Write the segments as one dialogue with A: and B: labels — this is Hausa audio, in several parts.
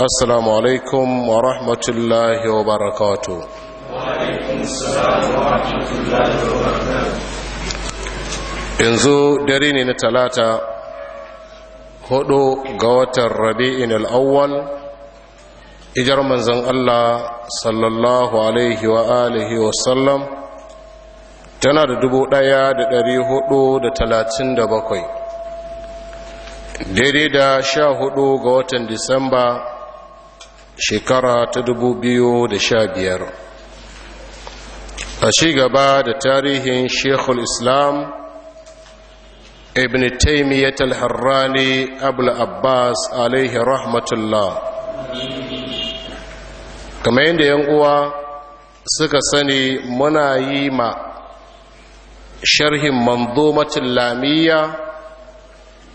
A: السلام عليكم ورحمة الله وبركاته وعليكم السلام ورحمة الله وبركاته yanzu dare ne na talata hudu ga watan rabi'in awwal ijar manzan Allah sallallahu alaihi wa alihi wa sallam tana da dubu daya da dari hudu da talatin da bakwai daidai da sha hudu ga watan disamba shekara ta dubu biyu da sha biyar. a gaba da tarihin shekul islam ibn taimiyyat al-harrani abul abbas alaihi rahmatullah kamar yadda yan uwa suka sani muna yi ma sharhin manzomatin lamiyya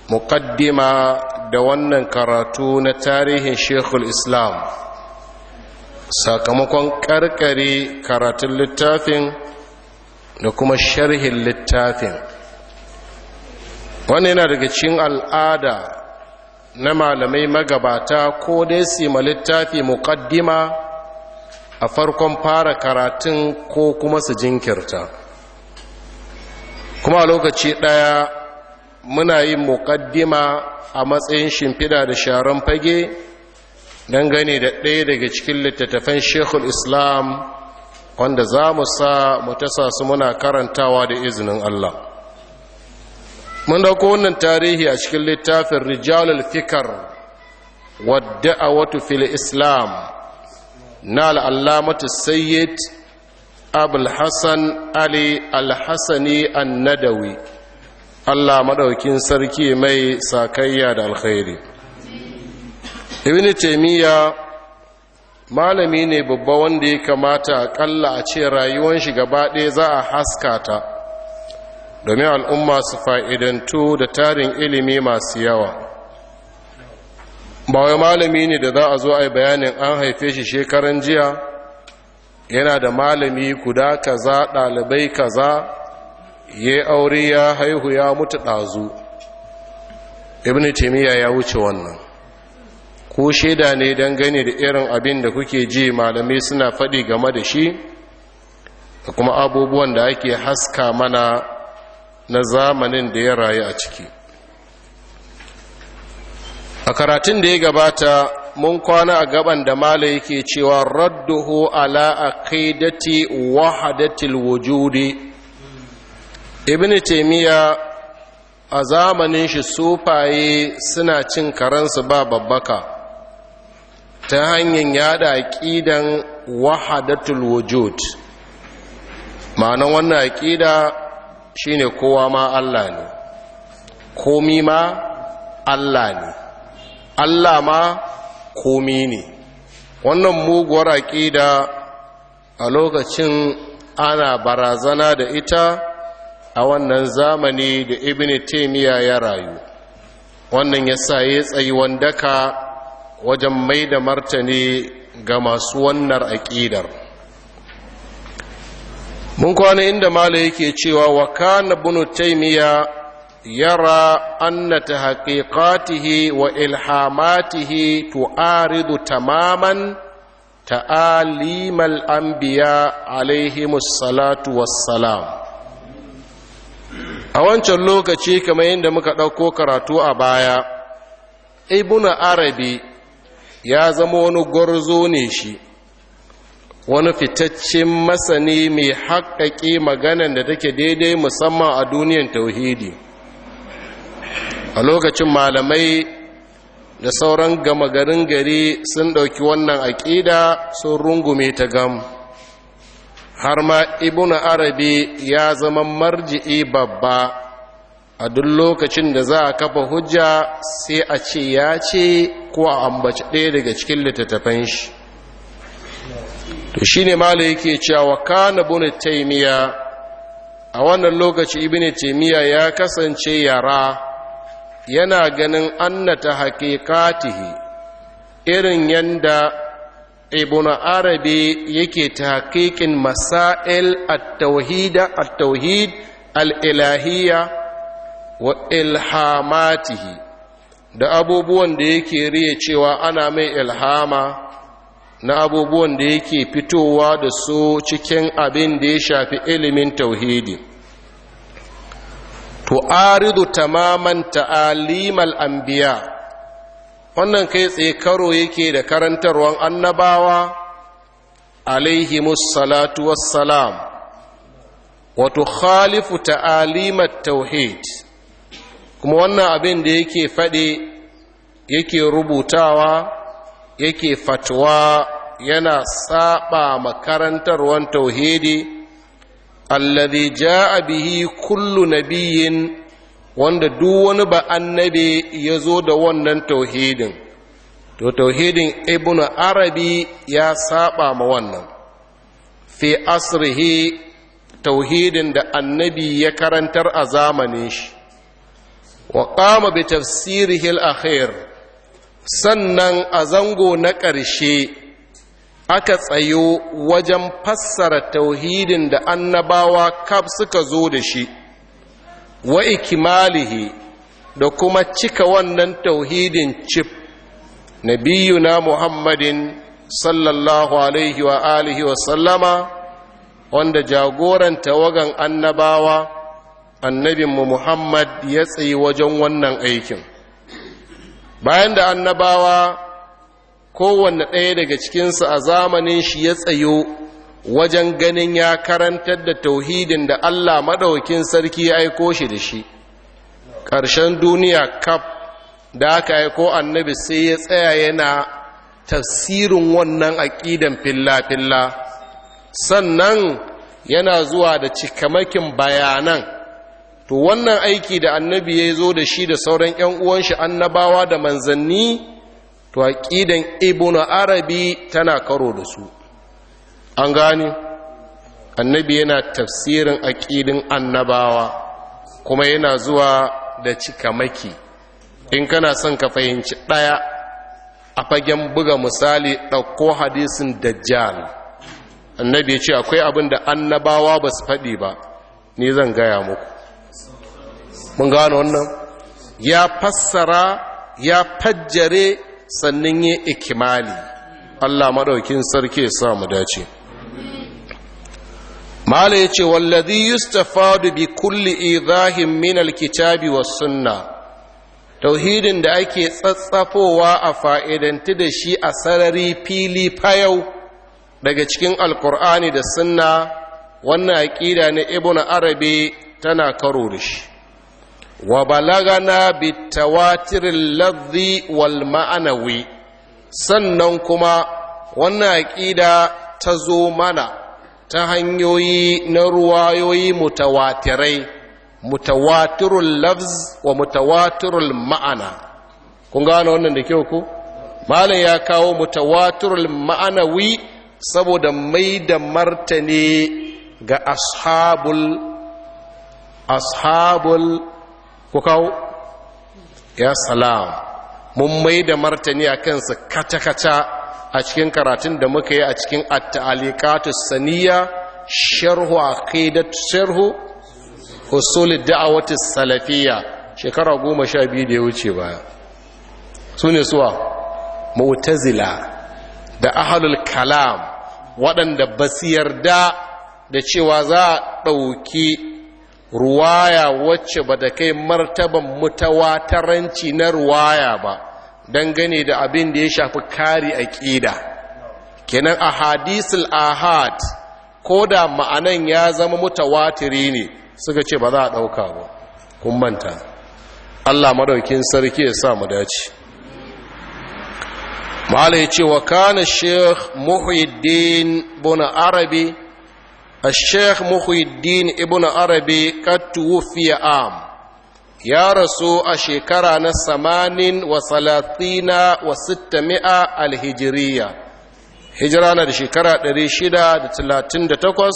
A: muƙaddima da wannan karatu na tarihin shekul islam sakamakon karkare karatun littafin da kuma sharhin littafin wannan yana daga cikin al'ada na malamai magabata ko dai sima littafi muƙaddima a farkon fara karatun ko kuma su jinkirta kuma a lokaci ɗaya muna yin muƙaddima a matsayin shimfida da sharon fage dangane da ɗaya daga cikin littattafan shekul islam wanda za mu sa mu tasa su muna karantawa da izinin allah mun dauko wannan tarihi a cikin littafin rijalul fikar wadda a watu fil islam na al'allamatu sayyid abulhassan ali alhassani annadawi allah maɗaukin sarki mai sakayya da alkhairi ibn taymiya malami ne babba wanda ya kamata akalla a ce rayuwar shi gaba ɗaya za a haska ta domin al'umma su fa'idantu da tarin ilimi masu yawa ba wai malami ne da za a zo a yi bayanin an haife shi shekaran jiya yana da malami guda kaza ɗalibai kaza ya aure ya haihu ya mutu ɗazu ibn taymiya ya wuce wannan ko shaida ne don gane da irin abin da kuke ji malamai suna faɗi game da shi da kuma abubuwan da ake haska mana na zamanin da ya rayu a ciki a karatun da ya gabata mun kwana a gaban da mala yake cewa radduhu ala aqidati wahadatil wujudi ibn taymiya a zamanin shi sufaye suna cin karansu ba babbaka ta hanyar yada aƙidan wahadatul wujud ma'anan wannan aƙida shine kowa ma Allah ne komi ma Allah ne Allah ma komi ne wannan muguwar aƙida a lokacin ana barazana da ita a wannan zamani da ibini taimiyya ya rayu wannan ya sa ya tsayi wanda ka. wajen mai da martani ga masu wannan aƙidar mun kwana inda mala yake cewa wa kana bunu taimiya yara annata ta haƙiƙatihi wa ilhamatihi tu'aridu tamaman ta'alimal anbiya alaihimus salatu wassalam a wancan lokaci kamar yadda muka ɗauko karatu a baya ibn arabi ya zama wani gwarzo ne shi wani fitaccen masani mai haƙaƙe magana da take daidai musamman a duniyan tauhidi a lokacin malamai da sauran gama garin gari sun ɗauki wannan aƙida sun rungume ta gam har ma ibn arabi ya zama marji'i babba a duk lokacin da za a kafa hujja sai a ce ya ce ko a ambaci ɗaya daga cikin littattafan shi to shi ne mala yake cewa kana bune taimiya a wannan lokaci ibn taimiya ya kasance yara yana ganin annata haƙiƙatihi irin yanda Ibnu arabi yake ta haƙiƙin masail at-tauhid al wa ilhamatihi da abubuwan da yake riya cewa ana mai ilhama na abubuwan da yake fitowa da su cikin abin da ya shafi ilimin tauhidi to aridu tamaman ta'alimal anbiya wannan kai tsaye karo yake da karantarwan annabawa alaihi salatu wassalam wato khalifu ta'alimat tauhid kuma wannan abin da yake faɗe yake rubutawa yake fatuwa yana saba wan tauhidi alladhi ja'a bihi kullu nabiyyin wanda duk wani ba annabi ya zo da wannan tauhidin to tauhidin ibnu arabi ya saba ma wannan fi asrihi tauhidin da annabi ya karantar a zamanin shi wa kama bi tafsiri hil akhir sannan a zango na ƙarshe aka tsayo wajen fassara tauhidin da annabawa kaf suka zo da shi wa ikimalihi da kuma cika wannan tauhidin cif nabiyuna muhammadin sallallahu alaihi wa alihi wa sallama wanda jagoran tawagan annabawa mu muhammad ya tsaye wajen wannan aikin bayan da annabawa kowanne ɗaya daga cikinsu a zamanin shi ya tsayo wajen ganin ya karantar da tauhidin da allah maɗaukin sarki ya aiko shi da shi ƙarshen duniya kaf da aka aiko annabi sai ya tsaya yana tafsirin wannan aƙidan filla-filla sannan yana zuwa da cikamakin bayanan to wannan aiki da annabi ya zo da shi da sauran 'yan uwanshi annabawa da manzanni to aqidan ibnu arabi tana karo da su an gane annabi yana tafsirin aƙidin annabawa kuma yana zuwa da cikamaki in kana son ka fahimci ɗaya a fagen buga misali ɗauko hadisin dajjal annabi ya ce akwai abin da annabawa ba su faɗi ba ni zan gaya muku mun gano wannan ya fassara ya fajjare sannan ya ikimali Allah maɗaukin sarki ya mu dace mala ya ce wallazi yustafadu bi kulli idahin min alkitabi was sunna tauhidin da ake tsatsafowa a fa'idanti da shi a sarari fili fayau daga cikin alkur'ani da sunna wannan aƙida na ibn Arabe tana karo da shi wa balagana bitawatirin lafzi wal sannan kuma wannan aƙida ta zo mana ta hanyoyi na ruwayoyi mutawatirai mutawatirul lafz wa mutawatirul ma'ana kun gane wannan da kyau ku malam ya kawo mutawatirul ma'anawi saboda mai da martani ga ashabul ashabul ku kawo ya salam mun mai da martani a kansu kata-kata a cikin karatun da muka yi a cikin at-ta'alikatu saniya sharhu a aqidat sharhu usul da'awati salafiya shekara goma sha biyu da ya wuce baya sune suwa mu'tazila da ahlul kalam waɗanda basiyar yarda da cewa za a ɗauki ruwaya wacce ba da kai martaban mutawataranci na ruwaya ba dangane da abin da ya shafi kari aƙida kenan a hadisul ahad ko da ma'anan ya zama mutawatiri ne suka ce ba za a ɗauka ba kun manta allah maɗaukin sarki ya sa mu dace ma'ala ya ce wa kana sheikh buna arabi الشيخ محي الدين ابن عربي قد توفي عام ya rasu a shekara na samanin wa salatina wa sittamia alhijiriya hijira na da shekara 638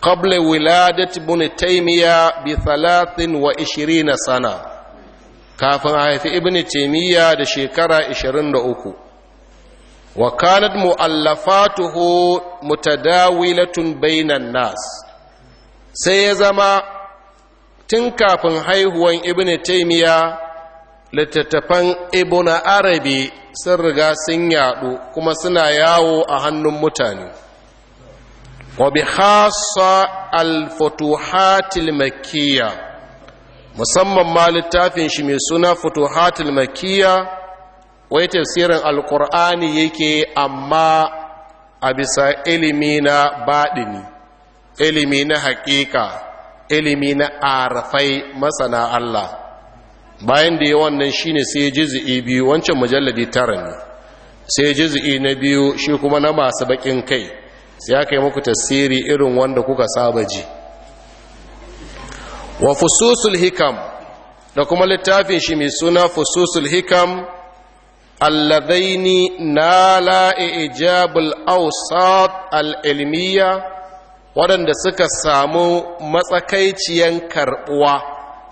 A: qabla wiladat ibn taymiya bi 23 sana kafin a haifi ibn Taimiyya da shekara 23 wa kanat mu'allafatuhu mutadawilatun bainan nas sai ya zama tun kafin haihuwan ibn taymiya littattafan ibn arabi sun riga sun yaɗu kuma suna yawo a hannun mutane wa bi khassa al-futuhatil makkiyya musamman ma littafin shi mai suna futuhatul makiyya wai tafsirin alkur'ani yake amma a bisa ilimi na baɗini ilimi na haƙiƙa ilimi na arafai masana Allah bayan da ya wannan ne sai jizi'i biyu wancan mujalladi tara ne sai jizi'i na biyu shi kuma na masu baƙin kai sai aka yi muku tasiri irin wanda kuka saba ji wa fususul hikam da kuma littafin shi mai suna fususul hikam اللذين نالا إجاب al العلمية waɗanda suka samu matsakaiciyan karɓuwa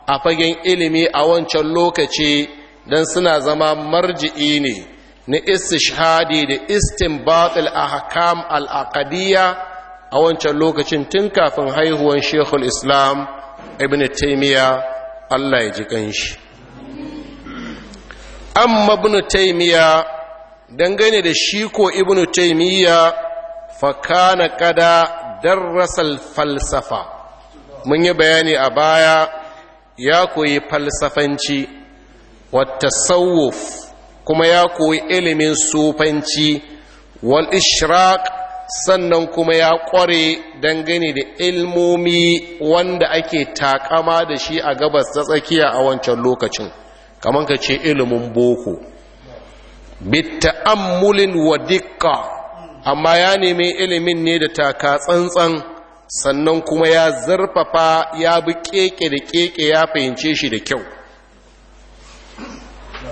A: a fagen ilimi a wancan lokaci don suna zama marji'i ne na istishhadi da istinbatul ahkam al-aqdiyya a wancan lokacin tun kafin haihuwan shekul islam ibn taimiyya allah ya ji kanshi amma ibn taymiya dangane da shi ko ibn taymiya fa kana kada darrasal falsafa mun yi bayani a baya ya koyi falsafanci wata kuma ya koyi ilimin sufanci wal ishraq sannan kuma ya ƙware dangane da ilmomi wanda ake takama da shi a gabas ta tsakiya a wancan lokacin kamar ka ce ilimin boko Bitta bitta'ammulin wa dikka amma ya nemi ilimin ne da taka tsantsan sannan kuma ya zarfafa ya bi keke da keke ya fahimce shi da kyau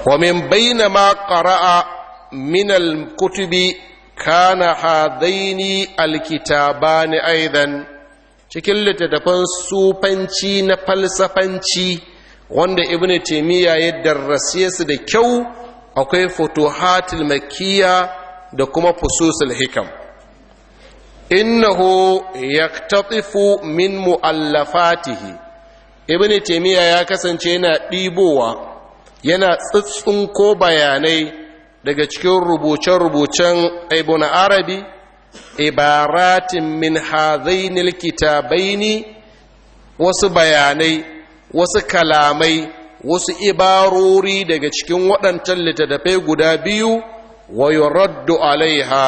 A: ومن بين ما قرأ من الكتب hadaini alkitaba ni aidan cikin littattafan sufanci na falsafanci wanda ibn taimiyya ya darrasi su da kyau akwai futuhatil makiyya da kuma fususul hikam innahu yaktatifu min mu'allafatihi ibn taimiyya ya kasance yana ɗibowa yana ko bayanai daga cikin rubuce-rubucen ibn arabi ibaratin min hazainil kitabaini wasu bayanai wasu kalamai wasu ibarori daga cikin waɗancan littattafai guda biyu wa yuraddu alaiha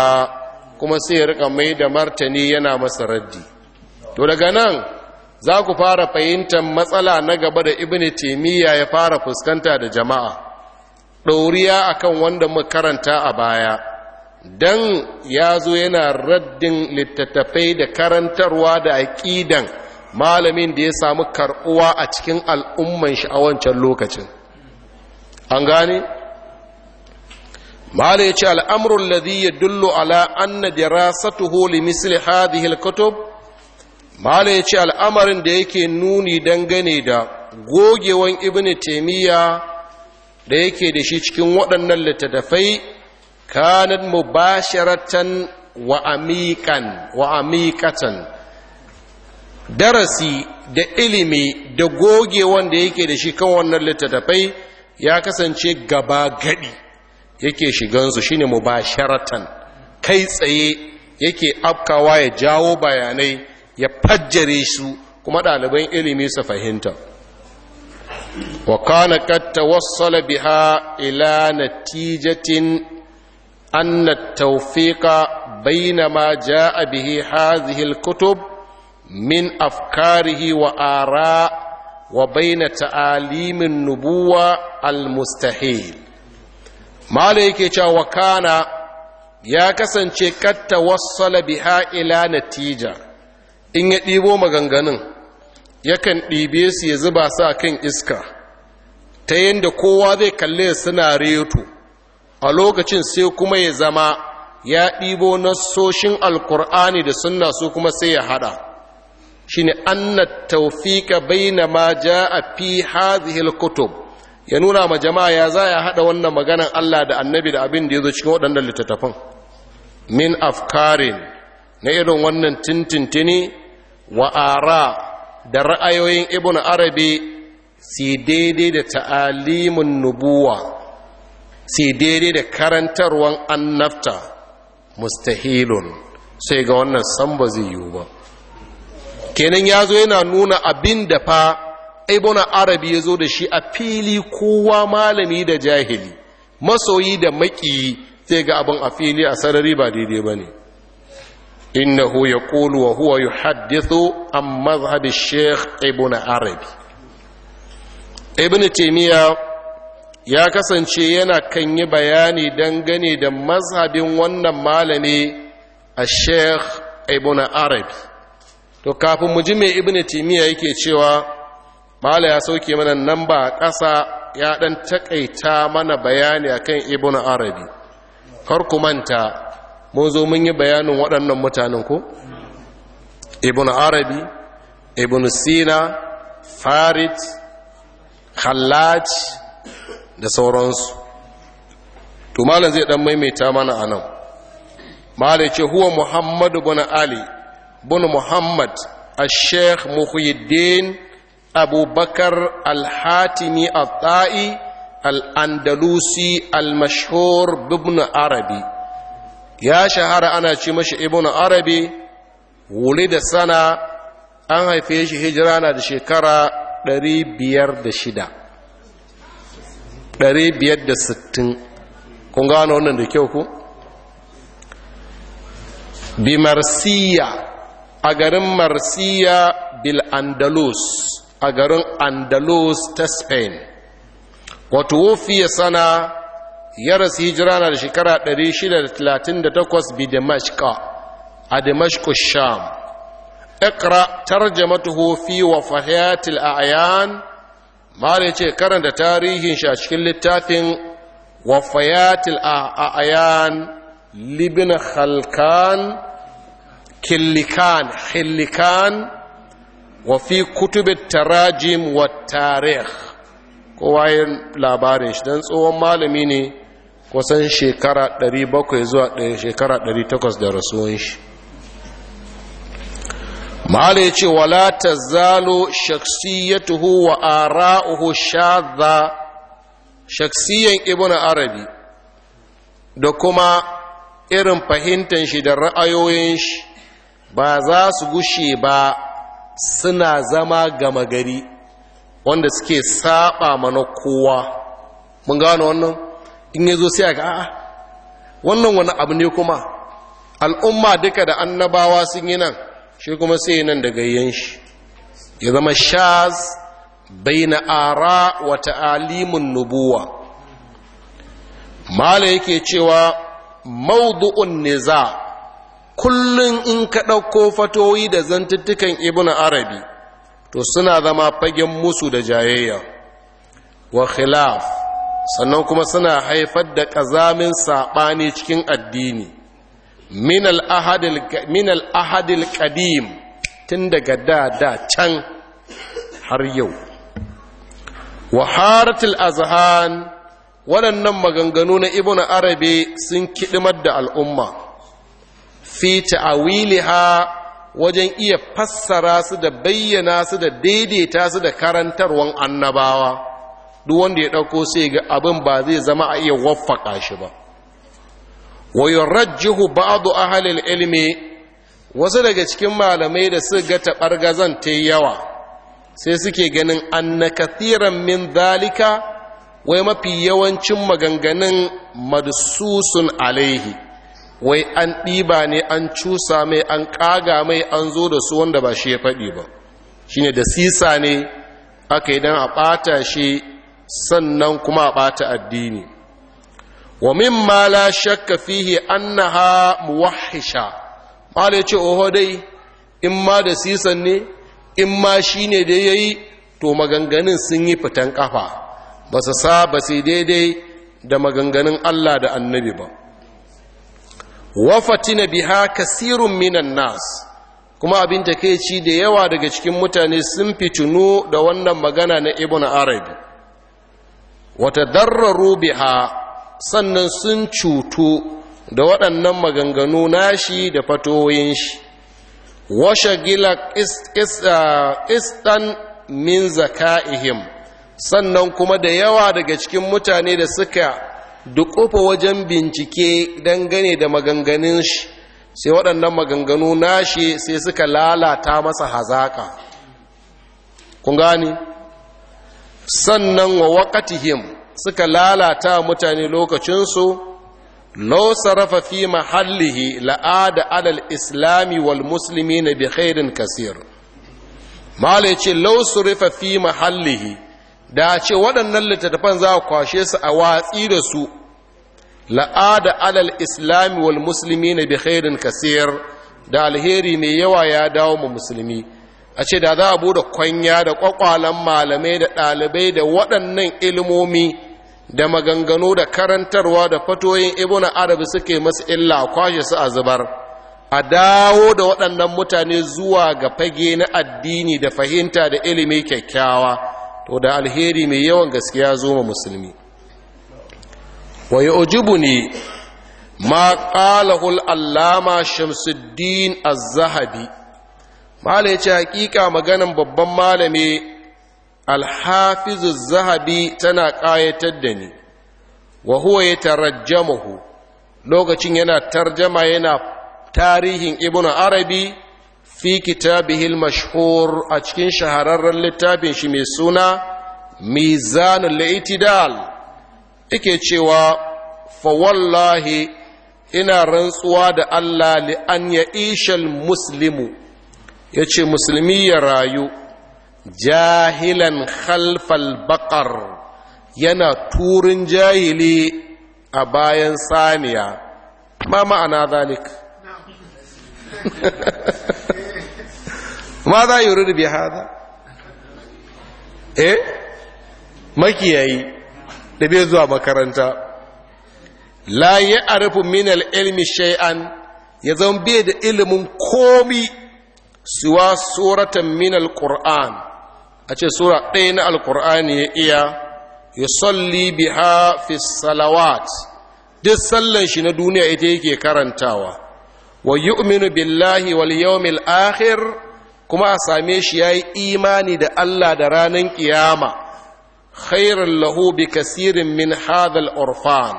A: kuma sai rika mai da martani yana masa raddi to daga nan za ku fara fahimtar matsala na gaba da ibn Timiya ya fara fuskanta da jama'a ɗoriya akan wanda mu karanta a baya Dan ya zo yana raddin littattafai da karantarwa da aƙidan malamin da ya samu karɓuwa a cikin al'umman shi a wancan lokacin an gane mala ya ce al'amurin ladhi ya dullo ala anna dirasatuhu holi misli haɗi, al-kutub mala ya ce al'amarin da yake nuni dangane da gogewan ibn taimiyya da yake da shi cikin waɗannan littattafai mu mubasharatan wa amikan wa amikatan darasi da ilimi da goge wanda yake da shi kan wannan littattafai ya kasance gaba gadi yake shigansu shine mubasharatan kai tsaye yake afkawa ya jawo bayanai ya fajjare su kuma ɗaliban ilimi su fahimta wa kana qad tawassala biha ila natijatin anna tawfiqa jaa bihi hadhihi al-kutub min afkarihi wa ara wa baina ta'alimin nubuwa almustahil mala yake cewa kana ya kasance katta wassala biha ila natija in ya ɗibo maganganun yakan ɗibe su ya zuba su a kan iska ta yadda kowa zai kalle suna reto a lokacin sai kuma ya zama ya ɗibo nassoshin alkur'ani da sunna su kuma sai ya haɗa Shin an tawfiqa baina ma ja a fi hadhihi alkutub ya nuna ma jama'a ya za ya haɗa wannan maganan Allah da annabi da abin da ya zo cikin waɗannan littattafan min afkarin na irin wannan tintintini wa ara da ra'ayoyin ibn arabi si daidai da ta'alimin nubuwa si daidai da karantarwan annabta mustahilun sai ga wannan san ba zai yiwu ba kenan ya zo yana nuna abin da fa ibn arabi ya zo da shi a fili kowa malami da jahili masoyi da maƙiyi zai ga abin a fili a sarari ba daidai ba ne innahu ya ƙulu wa huwa yi haddithu an mazhabi sheikh ibn arabi ibn taimiyya ya kasance yana kan yi bayani dangane da mazhabin wannan malami a sheikh ibn arabi to kafin mu ji mai Ibn timiya yake cewa mala ya sauke mana nan ba ƙasa ya ɗan taƙaita mana bayani a kan ibn arabi kar ku manta mun zo mun yi bayanin waɗannan mutanen ku? ibn arabi ibn sina farid khallaj da sauransu to zai ɗan maimaita mana a anan malai ce huwa muhammadu bin ali Bun muhammad al-sheikh muhyiddin abubakar al-hatimi al-ta'i al-andalusi al-mashhur ibn arabi ya shahara ana ce mashi ibn arabi wuli da sana an haife shi hijira na da shekara 506 560 kun gano wannan da kyau ku bi a garin marsiya bil andalus a garin andalus ta spain wato ya sana ya rasu hijira na da shekara 638 bi damashka a damashku sham ikra tarjamatuhu fi wa fahiyatil a'yan mala ce karanta tarihin shi a cikin littafin wafayatil a'yan libin halkan khillikan khillikan wa fi tarajim wa kowa yin labarin shi don tsohon malami ne kusan shekara 700 zuwa shekara 800 da rasuwan shi mahala ya ce wala ta zalo shaksiyatuhu wa ara'uhu shaza shaksiyan ibn arabi da kuma irin fahimtar shi da ra'ayoyin shi ba za su gushe ba suna zama gama gari wanda suke saba mana kowa mun gano wannan in ya zo sai a ga a'a wannan wani abu ne kuma al'umma duka da annabawa sun yi nan shi kuma sai nan da gayyan shi ya zama shaz na ara wa ta'alimin nubuwa mala yake cewa maudu'un niza' kullum in ka ɗauko fatoyi da zantuttukan ibn arabi to suna zama fagen musu da jayayya wa khilaf sannan kuma suna haifar da ƙazamin saɓani cikin addini min al'ahadil ƙadim tun daga da da can har yau wa haratul azhan waɗannan maganganu na ibn arabi sun kiɗimar da al'umma fi ta'awiliha wajen iya fassara su da bayyana su da daidaita su da karantarwan annabawa duk wanda ya ɗauko sai ga abin ba zai zama a iya waffaka shi ba wa yurajjihu ba'du ahli al-ilmi wasu daga cikin malamai da su ga tabargazan ta yawa sai suke ganin anna kathiran min zalika? wai mafi yawancin maganganun madsusun alaihi wai an ɗiba ne an cusa mai an ƙaga mai an zo da su wanda ba shi ya faɗi ba Shi ne da sisa ne aka yi don a ɓata shi sannan kuma a ɓata addini wa min ma la shakka fihi annaha muwahhisha mala yace oho dai in ma da sisan ne in ma shine da yayi to maganganun sun yi fitan kafa ba su sa saba sai daidai da maganganun Allah da annabi ba wafatina biha kasirun minan nas kuma abin ci da yawa daga cikin mutane sun fitunu da wannan magana na ibn arabi wata darraru biha sannan sun cutu da waɗannan maganganu nashi da fatoyin shi washe gila uh, istan min zaka'ihim sannan kuma da yawa daga cikin mutane da suka kofa wajen bincike dangane da maganganun shi sai waɗannan maganganu nashi sai suka lalata masa hazaƙa kun gani sannan wa waƙatihim suka lalata mutane lokacinsu lau sarrafa fi mahallihi la'ada alal islami wal musulmi na bi kasir mala ce lau fi mahallihi da ce waɗannan littattafan za a kwashe su a watsi da su la'ada alal islami wal musulmi na bi khairin kasir da alheri mai yawa ya dawo ma musulmi a ce da za a bude kwanya da kwakwalan malamai da ɗalibai da waɗannan ilmomi da maganganu da karantarwa da fatoyin ibn arabi suke masu illa kwashe su a zubar a dawo da waɗannan mutane zuwa ga fage na addini da fahimta da ilimi kyakkyawa to da alheri mai yawan gaskiya zo ma musulmi wa ujubu ne ma ƙalahul allama shamsuddin az-zahabi mala ya ce hakika maganin babban malami alhafizu zahabi tana ƙayatar da ni wa huwa ya tarajjamahu lokacin yana tarjama yana tarihin ibnu arabi fi kitabihil mashhur a cikin shahararren littafin shi mai suna mizanul laitidal yake cewa fa wallahi ina rantsuwa da Allah li an ya ishal muslimu yace musulmi ya rayu jahilan khalfal baqar yana turin jahili a bayan saniya ma ma'ana zalik ma za yi rurubi haza eh makiyayi da bai zuwa makaranta la ya arifu min ilmi shai'an ya zama bai da ilimin komi suwa suratan min Kur'an. a ce sura ɗaya na alqur'ani ya iya yusalli biha fi salawat duk sallar shi na duniya ita yake karantawa wa yu'minu billahi wal yawmil akhir kuma a same shi ya yi imani da Allah da ranar ƙiyama khairun lahu bi kasirin min hadal orfan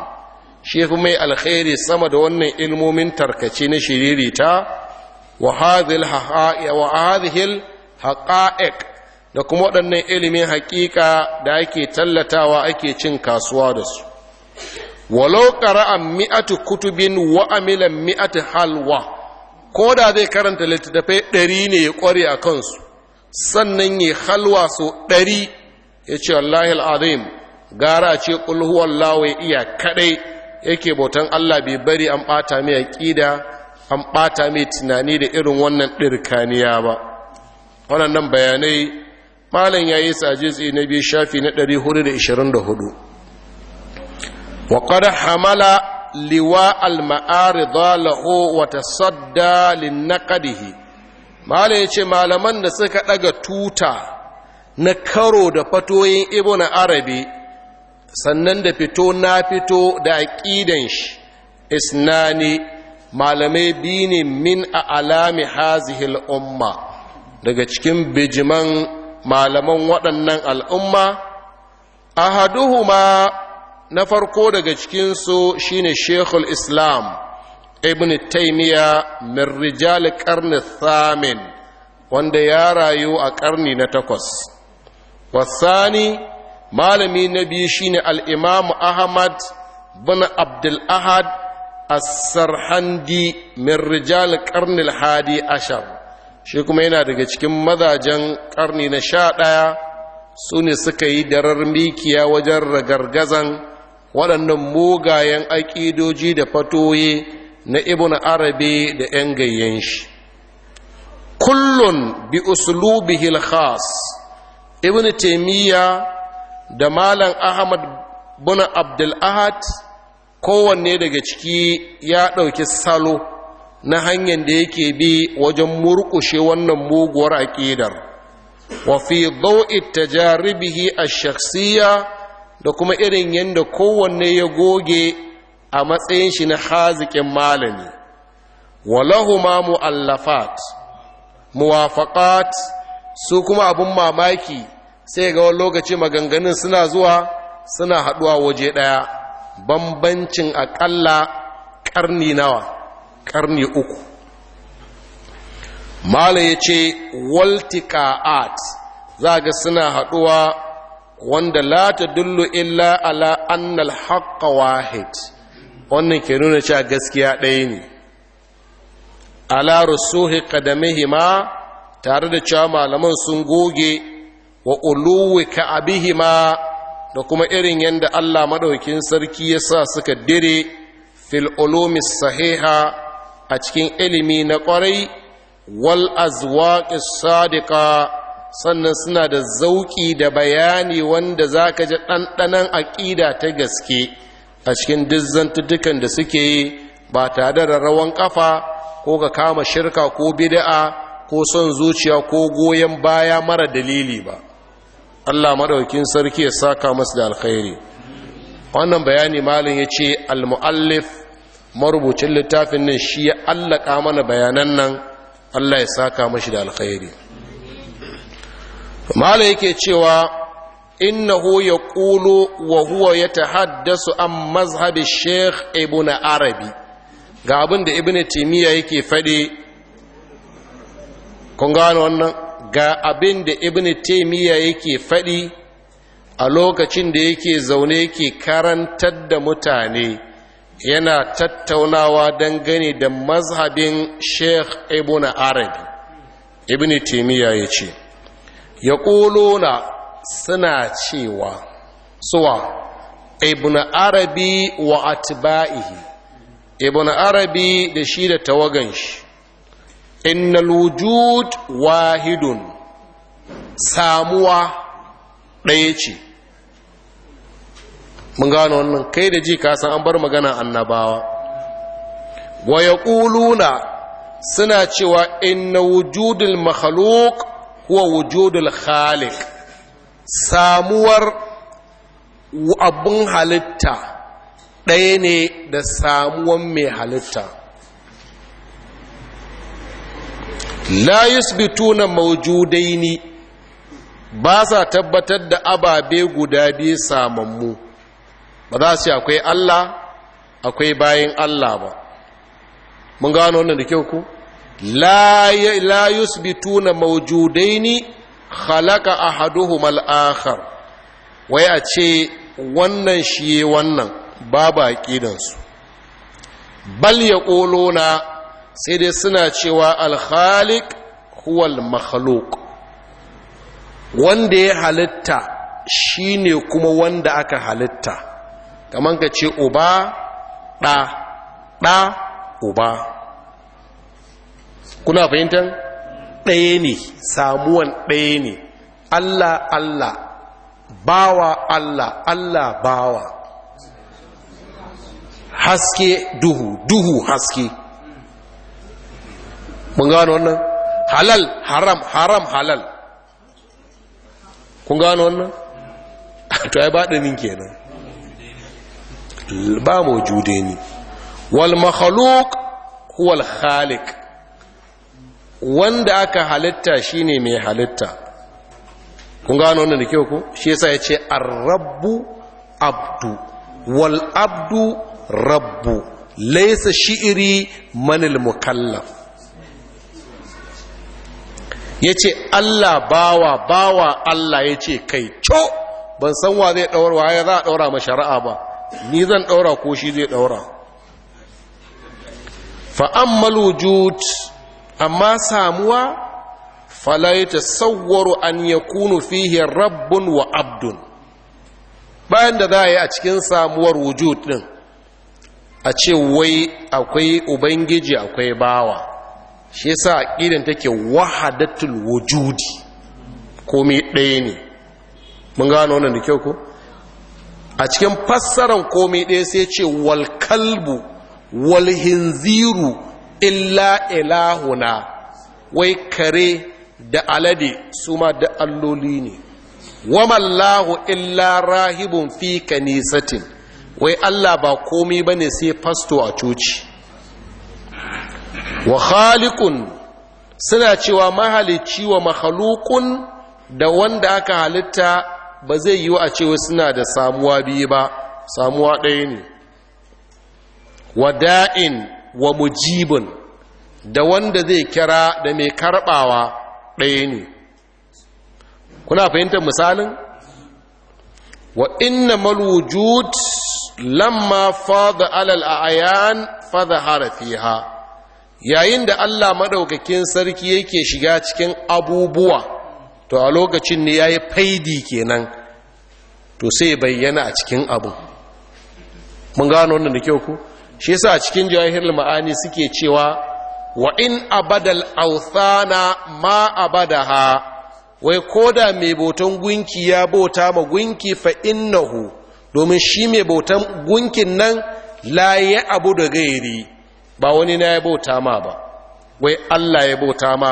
A: shi mai alkhairi sama da wannan ilmomin tarkace na shiririta wa hadhil haqa'iq da kuma waɗannan ilimin haƙiƙa da ake tallatawa ake cin kasuwa da su walau ƙara'a mi'atu kutubin wa amilan mi'atu halwa ko da zai karanta littattafai ɗari ne ya ƙware a kansu sannan ya halwa so ɗari ya ce wallahi al’adim gara ce ƙulhuwan lawai iya kaɗai yake bautan allah bai bari an ɓata mai aƙida an ɓata mai tunani da irin wannan ɗirkaniya ba waɗannan bayanai malam ya yi sajisi na biyu shafi na 424 wa hamala liwa al-ma'arida lahu wa tasadda linnaqadihi malai yace malaman da suka daga tuta na karo da fatoyin ibnu arabe sannan da fito na fito da aqidan shi isnani malamai biyu ne min a alami hazihil daga cikin bijiman malaman waɗannan al'umma ahaduhuma na farko daga cikinsu shine shekul islam ibn taimiyya min rijal karni thamin wanda ya rayu a karni na takwas wasani malami na biyu shine al'imamu ahmad bin abdulahad as-sarhandi min rijal karni hadi ashar shi kuma yana daga cikin mazajen karni na sha ɗaya su ne suka yi darar mikiya wajen ragargazan waɗannan mugayen aƙidoji da fatoyi na ibn arabi da 'yan gayyen shi kullun bi uslubihil khas ibn taimiyya da malam ahmad bin abdul ahad kowanne daga ciki ya ɗauki salo na hanyar da yake bi wajen murƙushe wannan muguwar aƙidar Wafi fi dau'i tajaribihi a shaksiyya da kuma irin yadda kowanne ya goge a matsayin shi na haziƙin malami walahuma mu'allafat muwafaqat su kuma abun mamaki sai ga wani lokaci maganganun suna zuwa suna haɗuwa waje ɗaya bambancin aƙalla ƙarni nawa ƙarni uku Malam ya ce waltika'at za ga suna haɗuwa wanda la ta dullu illa ala annal haqqa wahid wannan ke nuna cewa gaskiya ɗaya ne ala rusuhi ma tare da cewa malaman sun goge wa uluwi ma da kuma irin yadda Allah maɗaukin sarki ya sa suka dire fil ulumi sahiha a cikin ilimi na ƙwarai wal azwaqis sadiqa sannan suna da zauƙi da bayani wanda za ka ji ɗanɗanan aƙida ta gaske a cikin dizzantutukan da suke yi ba tare da rawan ƙafa ko ka kama shirka ko bida'a ko son zuciya ko goyon baya mara dalili ba allah maɗaukin sarki ya saka masu da alkhairi wannan bayani malin ya ce almu'allif marubucin littafin nan shi ya allaka mana bayanan nan allah ya saka mashi da alkhairi mala yake cewa innahu ya ƙulo wa huwa ya ta haddasa an mazhabi sheikh na arabi ga abin da ibn timiya yake faɗi kun wannan ga abin da timiya yake faɗi a lokacin da yake zaune yake karantar da mutane yana tattaunawa dangane da mazhabin sheikh na arabi ibn timiya ya ce ya na suna cewa suwa ibn arabi wa atba'ihi ibn arabi da shi da tawagan shi inna lujud wahidun samuwa ɗaya ce mun gano wannan kai da ji kasan an bar magana annabawa wa ya suna cewa inna wujudul makhluk huwa wujudul khaliq samuwar abun halitta ɗaya ne da samuwan mai halitta la maujudai mawjudaini ba sa tabbatar da ababe guda biyu samammu ba za su akwai Allah akwai bayan Allah ba mun gano wannan da kyau ku لا يثبتون موجودين خلق احدهما الاخر akhar wai a ce wannan shi wannan babu aqidansu bal yaquluna sai dai suna cewa al huwal huwa wanda ya halitta shine kuma wanda aka halitta Kamar ka ce uba ɗa ɗa uba kuna fahimtar ɗaya ne samuwan ɗaya ne allah allah bawa allah allah bawa haske duhu duhu haske mun gano wannan halal haram haram halal kun gano wannan to ai ninke kenan ba jude ni. wal makhluq huwal khaliq wanda aka halitta shine mai halitta kun gano wannan da kyau ku shi yasa ya ce arrabbu abdu wal abdu rabbu laisa shi'iri manil mukallaf ya ce allah bawa bawa allah ya ce kai co ban san wa zai ɗaura wa ya za a ɗaura ma shari'a ba ni zan ɗaura ko shi zai ɗaura fa'ammal wujud amma samuwa falaita, sauwaro an kunu, fihe rabbun wa abdun bayan da za a yi a cikin samuwar wujud din a ce wai akwai ubangiji akwai bawa shi yasa aqidan take wahadatul wujudi komai ɗaya ne mun gano wannan da kyau ko a cikin fassaran komai ɗaya sai ce wal kalbu wal hinziru illa ilahuna wai kare da alade su ma da alloli ne wamallahu illa rahibun fi kanisatin wai Allah ba komai ba ne sai fasto a coci wa khaliqun suna cewa mahalicci wa mahalukun da wanda aka halitta ba zai yi a cewa suna da samuwa biyu ba samuwa ɗaya ne Wa da'in. wa mujibun da wanda zai kira da mai karbawa ɗaya ne kuna fahimtar misalin wa inna malwujud lamma fada alal ayan fada harafiha yayin da Allah madaukakin sarki yake shiga cikin abubuwa to a lokacin ne yayi faidi kenan to sai bayyana a cikin abu mun gano wannan da kyau ko shi yasa cikin jawahirul ma'ani suke cewa wa in abadal authana ma abadaha wai koda mai bautan gunki ya bauta ma gunki fa innahu domin shi mai boton gunkin nan la ya abu da gairi ba wani na ya bota ma ba wai Allah ya bota ma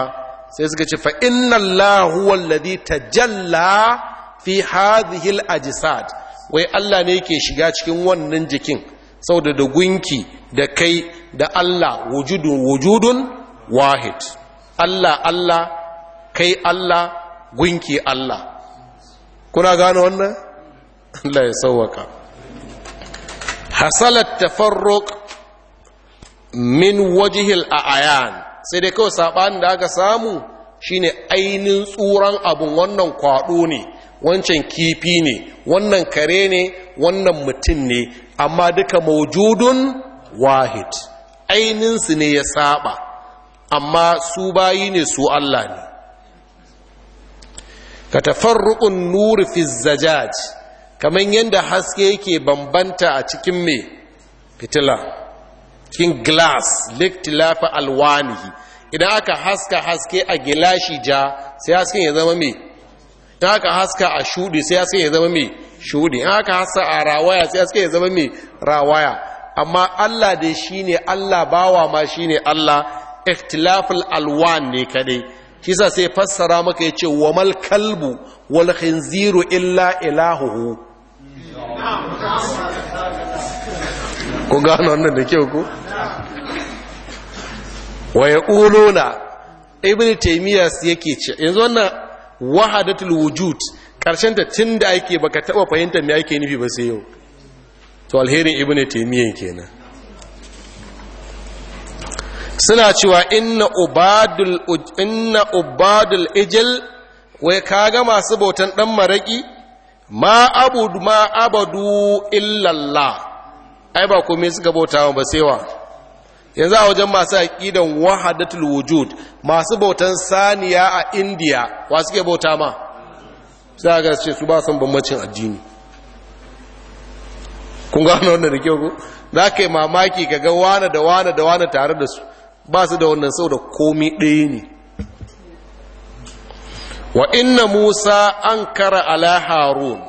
A: sai suka ce fa inna Allahu wallazi tajalla fi hadhihi al wai Allah ne yake shiga cikin wannan jikin saboda da gunki da kai da Allah wujudun wujudun wahid Allah Allah kai Allah gunki Allah kuna gano wannan Allah ya sauwaka hasalat tafarruq min wajihil a'yan sai dai kawai sabanin da aka samu shine ainin tsuran abun wannan kwaɗo ne wancan kifi ne wannan kare ne wannan mutum ne amma duka maujudun wahid ainihinsu ne ya saba amma su bayi ne su Allah ne ka tafarruƙun nuri fi zajaj kamar yadda haske yake bambanta a cikin mai fitila cikin glass liktilafi alwanihi idan aka haska haske a gilashi ja sai hasken ya zama mai ta haka haska a shudi sai haske ya zama mai shudi in haka haska a rawaya sai haske ya zama mai rawaya amma Allah dai shine Allah bawa ma shine Allah ikhtilaful alwan ne kadai kisa sai fassara maka yace wamal kalbu wal khinziru illa ilahuhu ku gano wannan da kyau ku wa yaquluna ibnu taymiyyah yake ce yanzu wannan wahadatul wujud karshen ta tunda yake baka taba fahimta me yake nufi ba sai yau to alherin ibnu taymiyyah kenan suna cewa inna ubadul inna ubadul ijl wai kaga masu bautan dan maraki ma abudu ma abadu illallah ai ba komai suka bautawa ba sai wa yanzu a wajen masu aqidan wahadatul wujud masu bautan saniya a Indiya, wa suke bauta ma sai ga ce su ba san bambancin addini kun gano wannan da kyau ko za ka yi mamaki ka ga wane da wane da wane tare da su ba su da wannan sau da komi ɗaya ne wa inna musa an kara ala harun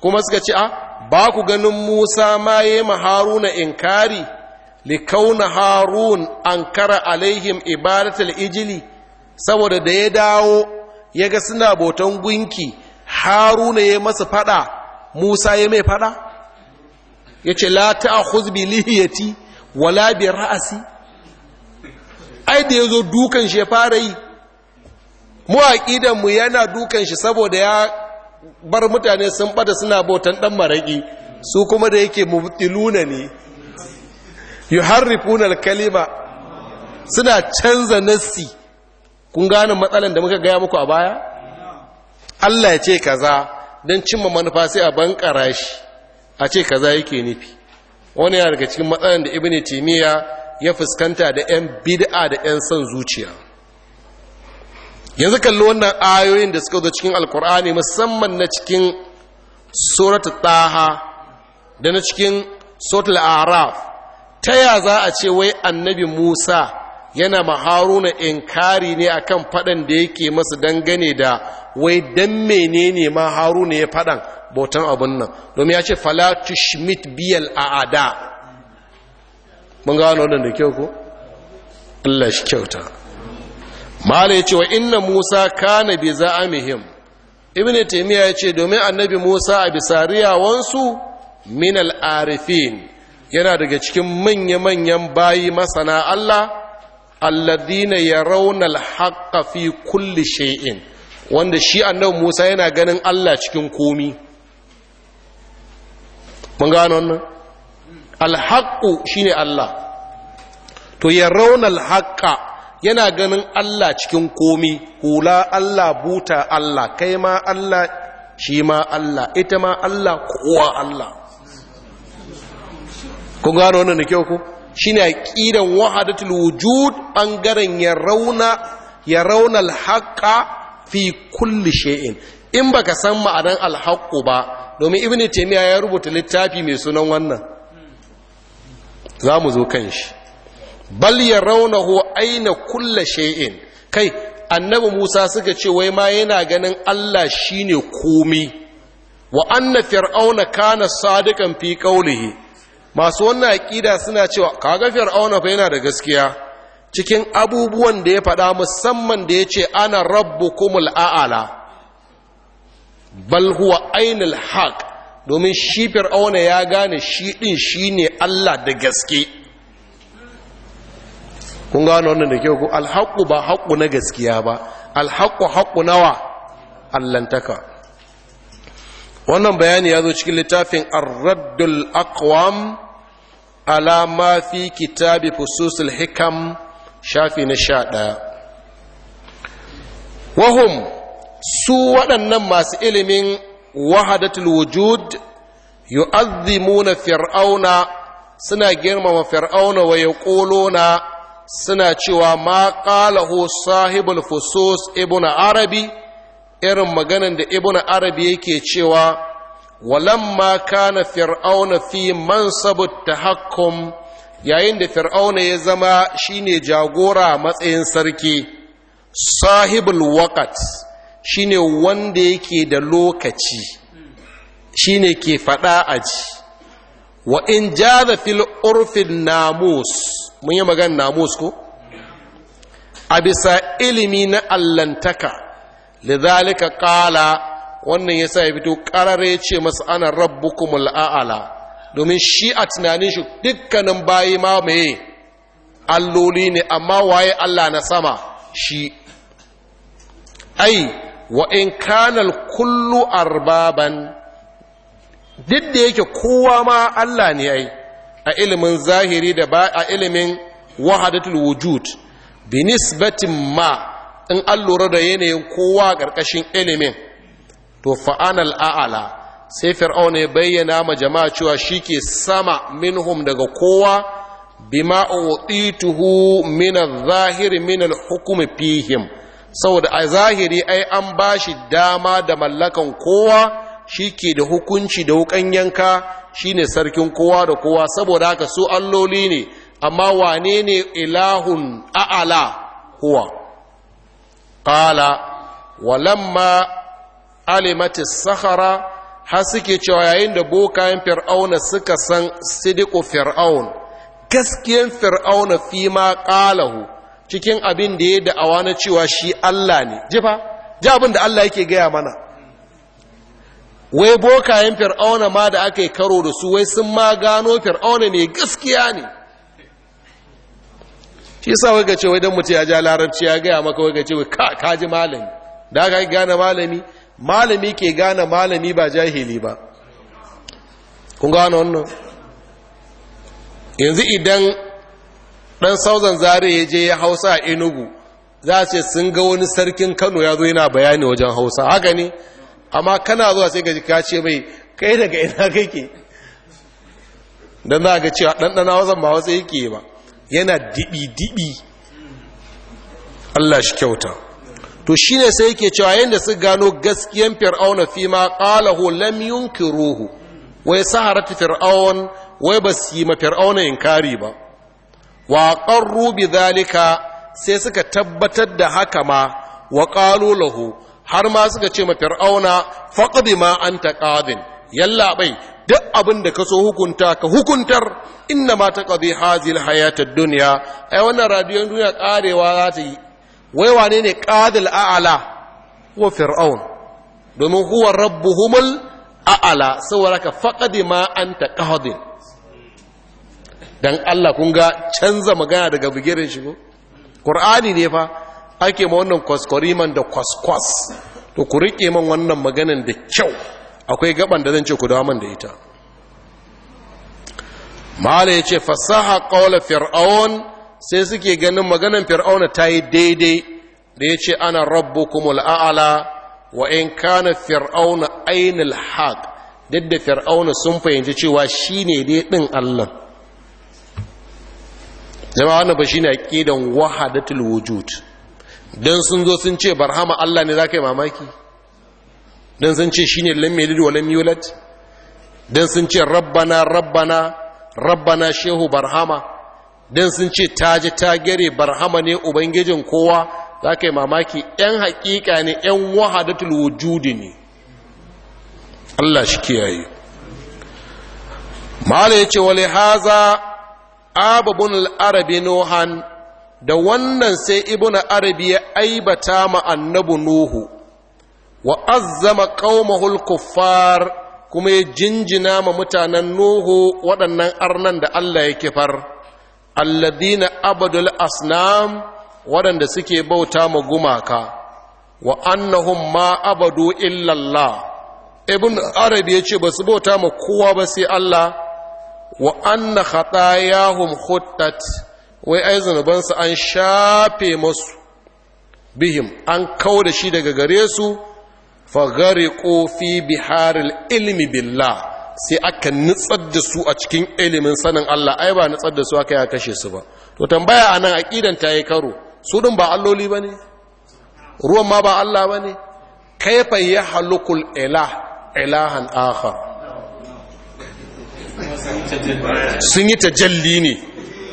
A: kuma suka ce a ah, ba ku ganin musa ma yi ma haruna inkari likauna harun an kara alaihim ibadatul ijili saboda da ya dawo ya ga suna boton gunki haruna ya masa faɗa musa ya mai faɗa? ya ce la ta'khudh bi lihiyati wala bi ra'asi ai da yazo dukan shi ya fara yi mu mu yana dukanshi saboda ya bar mutane sun bada suna botan ɗan maraki su kuma da yake mubtiluna ne yuharrifuna alkalima kalima suna canza nassi kun gane matsalan da muka gaya muku a baya Allah ya ce kaza don cimma manufa sai a bankara shi a ce kaza yake nufi wani yana daga cikin matsalan da ibn timiya ya fuskanta da yan bid'a da yan son zuciya yanzu kalli wannan ayoyin da suka zo cikin alkur'ani musamman na cikin suratul taha da na cikin suratul araf ta ya za a ce wai annabi musa yana maharuna inkari ne akan faɗan da yake masu dangane da wai dan menene ma haruna ya faɗan bautan abin nan domin ya ce falatu schmidt biyal ada. mun gano wadanda da kyau ko Allah shi kyauta mala ya ce wa inna musa kana bi muhim? Ibn taymiya ya ce domin annabi musa a bisariyawansu min al'arifin yana daga cikin manya-manyan bayi masana Allah alladina ya raunar haƙa fi kulli shiin wanda shi annabi Musa yana ganin Allah cikin komi mun gano wannan shi shine Allah to ya raunar haƙa yana ganin Allah cikin komi hula Allah buta Allah kai ma Allah shi ma Allah ita ma Allah kowa Allah kun gano wannan da kyau ko shine ƙidan wahadatul wujud bangaren ya rauna ya rauna alhaƙa fi kulli she'in. in baka san ma'anar alhaƙo ba domin ibnu taymiya ya rubuta littafi mai sunan wannan Za mu zo kan shi bal ya rauna ho aina kulla she'in. kai annabi Musa suka ce wai ma yana ganin Allah shine komi wa anna fir'auna kana sadiqan fi qawlihi masu wannan aƙida suna cewa kaga fir'auna fa yana da gaskiya cikin abubuwan da ya faɗa musamman da ya ce ana rabbukumul a'ala bal huwa ainul haq domin shi fir'auna ya gane shi din shine Allah da gaske kun gano wannan da kyau alhaqu ba haqu na gaskiya ba alhaƙu haqu nawa allantaka wannan bayani ya zo cikin littafin ar-raddul aqwam ala fi kitabi fususul hikam shafi na sha ɗaya wahum su waɗannan masu ilimin wahadatul wujud yu'azzimuna fir'auna suna girmama fir'auna wa suna cewa ma qalahu sahibul fusus ibnu arabi irin maganan da ibnu arabi yake cewa walamma kana fir'auna fi mansabut tahakkum yayin da fir'auna ya zama shine jagora matsayin sarki sahibul waqt shine wanda yake da lokaci shine ke fada aji wa in jaza fil urfin namus mun yi magana namus ko a bisa ilimi na allantaka lidhalika ƙala. wannan yasa ya fito karare ce masu ana kuma la'ala domin shi a tunanin shi dukkanin bayi ma mai alloli ne amma waye Allah na sama shi ai wa in kanal kullu arbaban duk da yake kowa ma Allah ne ai a ilimin zahiri da ba a ilimin wahadatul wujud bi nisbatin ma in allura da yanayin kowa ƙarƙashin ilimin to fa'anal a'ala sai fir'auna ya bayyana ma jama'a cewa shi ke sama minhum daga kowa bima tuhu minan zahiri minan al fihim saboda a zahiri ai an ba shi dama da mallakan kowa shi ke da hukunci da wukan yanka shi ne sarkin kowa da kowa saboda haka su alloli ne amma wane ne ilahun a'ala kowa ƙala walamma alimatis sahara har suke cewa yayin da bokayen fir'auna suka san sidiku fir'aun gaskiyan fir'auna fi ma ƙalahu cikin abin da ya da'awa na cewa shi Allah ne jifa ji abin da Allah yake gaya mana wai bokayen fir'auna ma da aka yi karo da su wai sun ma gano fir'auna ne gaskiya ne shi sa wai ga ce wai don mutu ya ja larabci ya gaya maka wai ga ce wai ka ji malami da aka gane malami malami ke gane malami ba jahili ba kun gano wannan yanzu idan ɗan sauzan zare ya je ya hausa a Enugu za ce sun ga wani sarkin kano ya zo yana bayani wajen hausa haka ne amma kana zuwa sai gaji ka ce mai kai daga ina kake don za ga cewa ɗanɗana wasan ba hausa yake ba yana dibi-dibi Allah shi kyauta to shine sai yake cewa yadda su gano gaskiyan fir'auna fi ma qalahu lam yunkiruhu wai saharatu fir'aun wai ba yi ma fir'auna inkari ba wa qarru bidhalika sai suka tabbatar da haka ma wa qalu lahu har ma suka ce ma fir'auna faqdi ma anta qadin yalla bai duk abin da ka so hukunta ka hukuntar inna ma taqdi hazil hayatad dunya ai wannan radiyon duniya ƙarewa za ta yi wai wane ne ƙadil a'ala wa fir'aun domin huwa rabbuhumul a'ala saboda ka faqadi ma anta qahdin dan Allah kun ga canza magana daga bigirin shi ko Qur'ani ne fa ake ma wannan kwaskwariman da kwaskwas to ku rike man wannan maganan da kyau akwai gaban da zan ce ku dawo da ita mala yace fasaha qawla fir'aun sai suke ganin maganan fir'auna ta yi daidai da ya ce ana rabbukumul a'ala wa in kana fir'auna ainihin haq duk da fir'auna sun fahimci cewa shine dai din Allah zama wannan ba a ƙidan wahadatul wujud Don sun zo sun ce barhama Allah ne yi mamaki Don sun ce shine lam yalid wa Don sun ce rabbana rabbana rabbana shehu barhama don sun ce ta ji ta gare barhama ne ubangijin kowa za ka yi mamaki 'yan haƙiƙa ne 'yan wahadatul wujudi ne Allah shi kiyaye mala ya ce wale haza ababun al'arabi nohan da wannan sai ibn arabi ya aibata ma annabu nuhu wa azzama qaumahul kuffar kuma ya jinjina ma mutanen nuhu waɗannan arnan da Allah ya kifar alladina abadul asnam waɗanda suke bauta ma gumaka wa annahum ma abadu illallah ibn arabi ya ce ba su bauta ma kowa ba sai Allah wa anna khatayahum khuttat wai ai zanubansu an shafe masu bihim an kau da shi daga gare su fa gariqu fi biharil ilmi billah sai aka nutsar da su a cikin ilimin sanin Allah ai ba nutsar da su aka ya kashe su ba to tambaya anan aqidan ta yi karo su din ba alloli bane ruwan ma ba Allah bane kaifa yahlukul ilah ilahan akha sun yi tajalli ne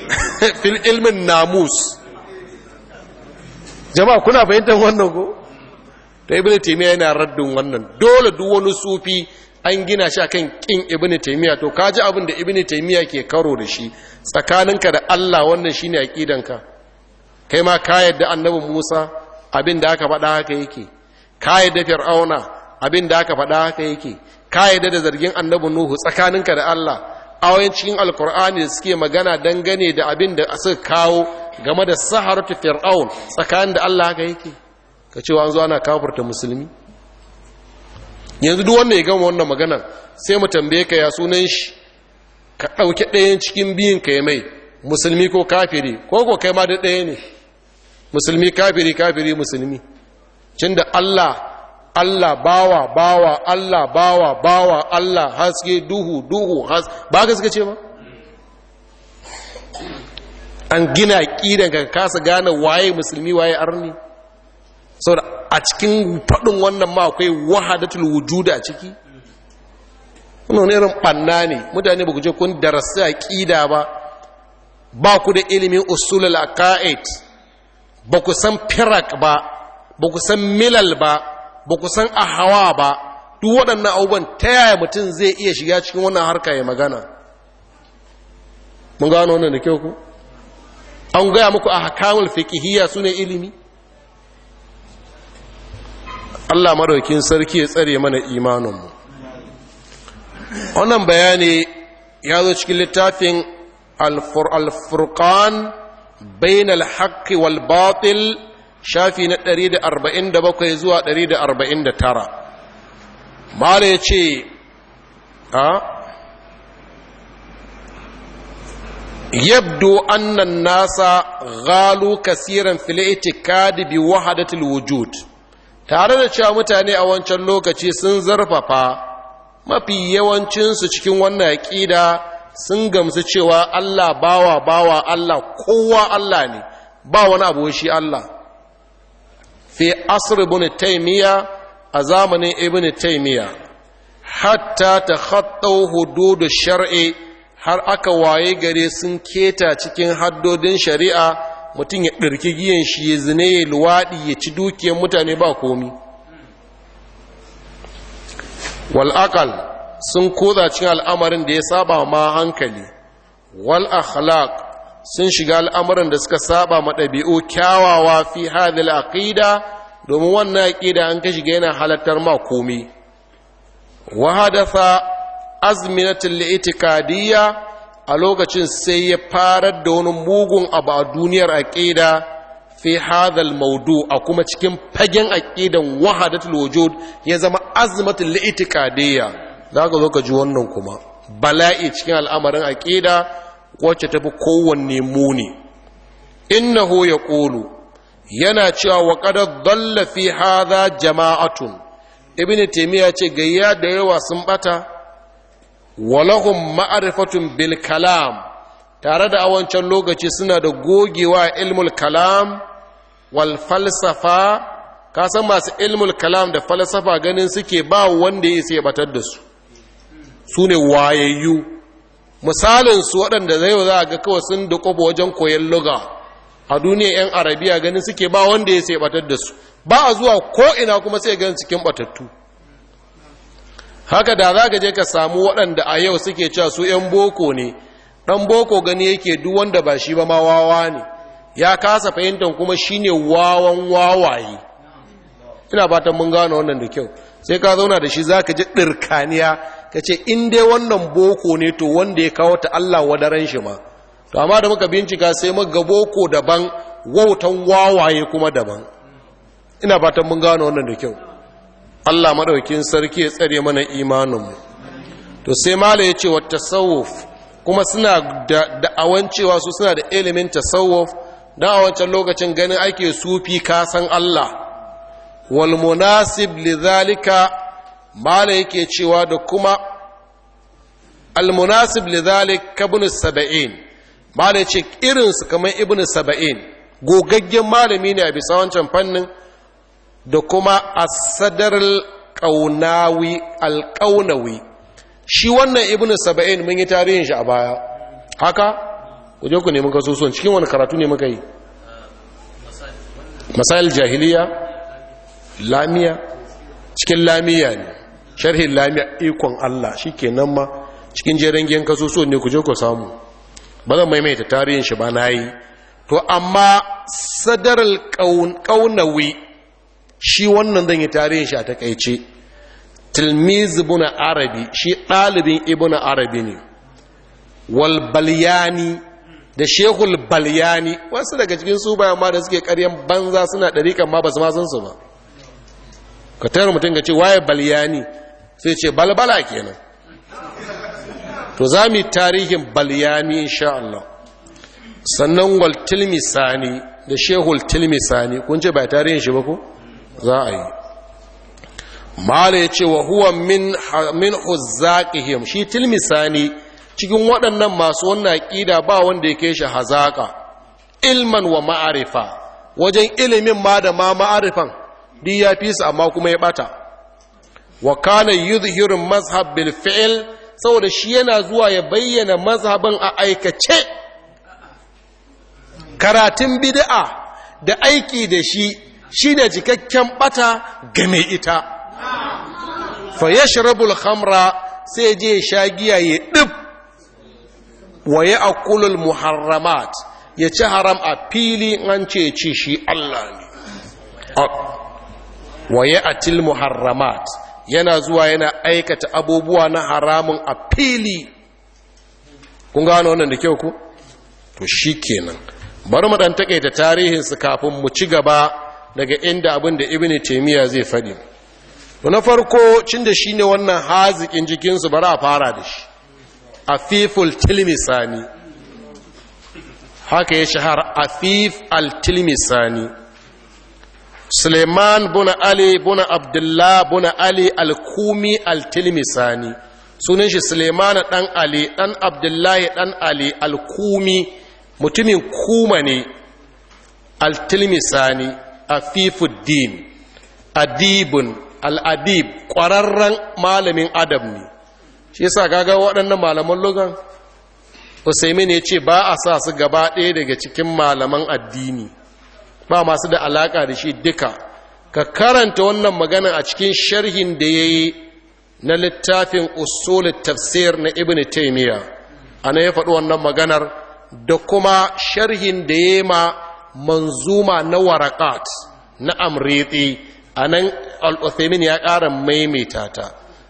A: fil ilmin namus jama'a kuna fahimtar wannan ko ta ibn taymiya yana raddin wannan dole duk wani sufi an gina shi akan kin ibnu taymiya to kaji abin da ibnu taymiya ke karo da shi tsakaninka da Allah wannan shine ka. kai ma ka yadda annabi Musa abin da aka faɗa haka yake ka yadda fir'auna abin da aka faɗa haka yake ka da zargin annabi Nuhu tsakaninka da Allah ayoyin cikin alkur'ani da suke magana dangane da abin da suka kawo game da saharatu fir'aun tsakanin da Allah haka yake ka cewa an zo ana kafurta musulmi yanzu duk wanda ya gama wannan magana sai mu tambaye ka ya sunan shi ka ɗauki ɗayan cikin biyun ka mai musulmi ko kafiri ko ko kai ma da ɗaya ne musulmi kafiri kafiri musulmi cin da allah allah bawa bawa allah bawa bawa allah haske duhu duhu has ba ka suka ce ba an gina ƙidan ka kasa gane waye musulmi waye arni da a cikin faɗin wannan ma akwai wahadatul wujuda a ciki wannan irin ɓanna ne mutane ba ku je kun darasi ƙida ba ba ku da ilimin usulul aqaid ba ku san firak ba ba ku san milal ba ba ku san ahawa ba duk waɗannan abubuwan ta yaya mutum zai iya shiga cikin wannan harka ya magana mun gano wannan da kyau ku an gaya muku a hakamul fiqhiyya sune ilimi Allah madaukin sarki ya tsare mana imaninmu wannan bayani ya zo cikin littafin al-furqan bain al-haqqi wal batil shafi na 147 zuwa 149 mala yace a يبدو أن الناس غالوا كثيرا في الاعتقاد بوحدة الوجود tare da cewa mutane a wancan lokaci sun zarfafa mafi yawancinsu cikin wannan aƙida sun gamsu cewa Allah bawa bawa Allah kowa Allah ne ba wani abu shi Allah fi asr ibn taymiya a zamanin ibn taymiya hatta ta hudu hudud shar'i har aka waye gare sun keta cikin haddodin shari'a mutum ya ɗirki giyan shi ya zina ya luwaɗi ya ci dukiyar mutane ba komi wal'akal sun koza cin al'amarin da ya saba ma hankali wal akhlaq sun shiga al'amarin da suka saba ma ɗabi'u kyawawa fi hadhihi aqida domin wannan aqida an ka shiga yana halattar ma komi wa hadatha azminatul i'tikadiyya a lokacin sai ya farar da wani mugun abu a duniyar aƙida fi hadhal maudu a kuma cikin fagen aƙidan wahadatul wujud ya zama azmatul Za ka zo ka ji wannan kuma bala'i cikin al'amarin aƙida wacce tafi kowanne muni ya yaqulu yana cewa wa qad dalla fi hadha jama'atun ibnu taymiya ce gayya da yawa sun ɓata. walahum ma'arifatun bil kalam tare da awancan lokaci suna da gogewa ilmul kalam wal falsafa ka san masu ilmul kalam da falsafa ganin suke ba wanda ya sai batar da su su ne wayayyu misalin su waɗanda zai za a ga kawai sun da kofa wajen koyon luga a duniya 'yan arabiya ganin suke ba wanda ya sai batar da su ba a zuwa ko'ina kuma sai ganin cikin batattu haka da za ka je ka samu waɗanda a yau suke cewa su 'yan boko ne ɗan boko gani yake duk wanda ba shi ba ma wawa ne ya kasa fahimtar kuma shi ne wawan wawaye ina ta mun gano wannan da kyau sai ka zauna da shi za ka ji ɗirkaniya ka ce in dai wannan boko ne to wanda ya kawo ta Allah wadaren shi ma to amma da muka bincika sai muka boko daban wautan wawaye kuma daban ina ta mun gano wannan da kyau Allah madaukin sarki ya tsare mana imaninmu to sai mala ya ce wa tasawuf kuma suna da da'awan su suna da ilimin tasawuf da a wancan lokacin ganin ake sufi kasan Allah wal munasib lidhalika mala yake cewa da kuma al munasib lidhalik saba'in mala ce irin kamar ibn saba'in gogaggen malami ne a bisa wancan fannin da kuma asadar ƙaunawi alƙaunawi shi wannan ibn saba'in mun yi tarihin shi a baya haka ku je ku nemi kasusuwan cikin wani karatu ne muka yi masayar jahiliya lamiya cikin lamiya ne sharhin lamiya ikon Allah shi kenan ma cikin jerin giyan kasusuwan ne kuje ku samu ba zan maimaita tarihin shi ba na yi to amma sadar ƙaunawi shi wannan zan yi tarihin shi a takaice tilmiz ibn arabi shi ɗalibin ibn arabi ne wal balyani da shekul balyani wasu daga cikin su bayan ma da suke karyan banza suna ɗariƙan ma ba su ma su ba ka tayar mutum ga ce waye balyani sai ce balbala kenan to za mu yi tarihin balyani insha Allah sannan wal tilmisani da shehul tilmisani kun ce ba tarihin shi ba ko za a yi mala ya ce wa huwa min huzzaƙihim shi misani, cikin waɗannan masu wannan aƙida ba wanda ya kai shi hazaƙa ilman wa ma'arifa wajen ilimin ma da ma ma'arifan di ya fi su amma kuma ya ɓata wa kana yuzhirun mazhab bil fi'il saboda shi yana zuwa ya bayyana mazhabin a aikace karatun bid'a da aiki da shi ne jikakken bata ga mai ita fa ya yashrabul khamra sai je sha giya ya Waye wa ya'kulul muharramat ya ci haram a fili an ce ci shi Allah ne wa til muharramat yana zuwa yana aikata abubuwa na haramun a fili kun gano wannan da kyau ku to shi kenan bari mu dan takaita tarihinsu kafin mu ci gaba daga inda abin da ibn taymiya zai faɗi na farko cin da ne wannan hazikin jikin su bara a fara da shi fiful tilmisani haka ya shahar afif al-tilmisani suleiman buna ali buna abdullah buna ali al-kumi al-tilmisani sunan shi suleiman dan ali dan abdullahi dan ali al mutumin kuma ne al-tilmisani afifuddin adibun al'adib ƙwararren malamin adam ne shi yasa gaga waɗannan malaman logan usaimin ya ce ba a sa su gaba ɗaya daga cikin malaman addini ba masu da alaƙa da shi duka ka karanta wannan magana a cikin sharhin da ya yi na littafin usul tafsir na ibn taymiya ana ya faɗi wannan maganar da kuma sharhin da ya ma manzuma na warakat na amriti a nan al'uthemin ya ƙara maimaita ta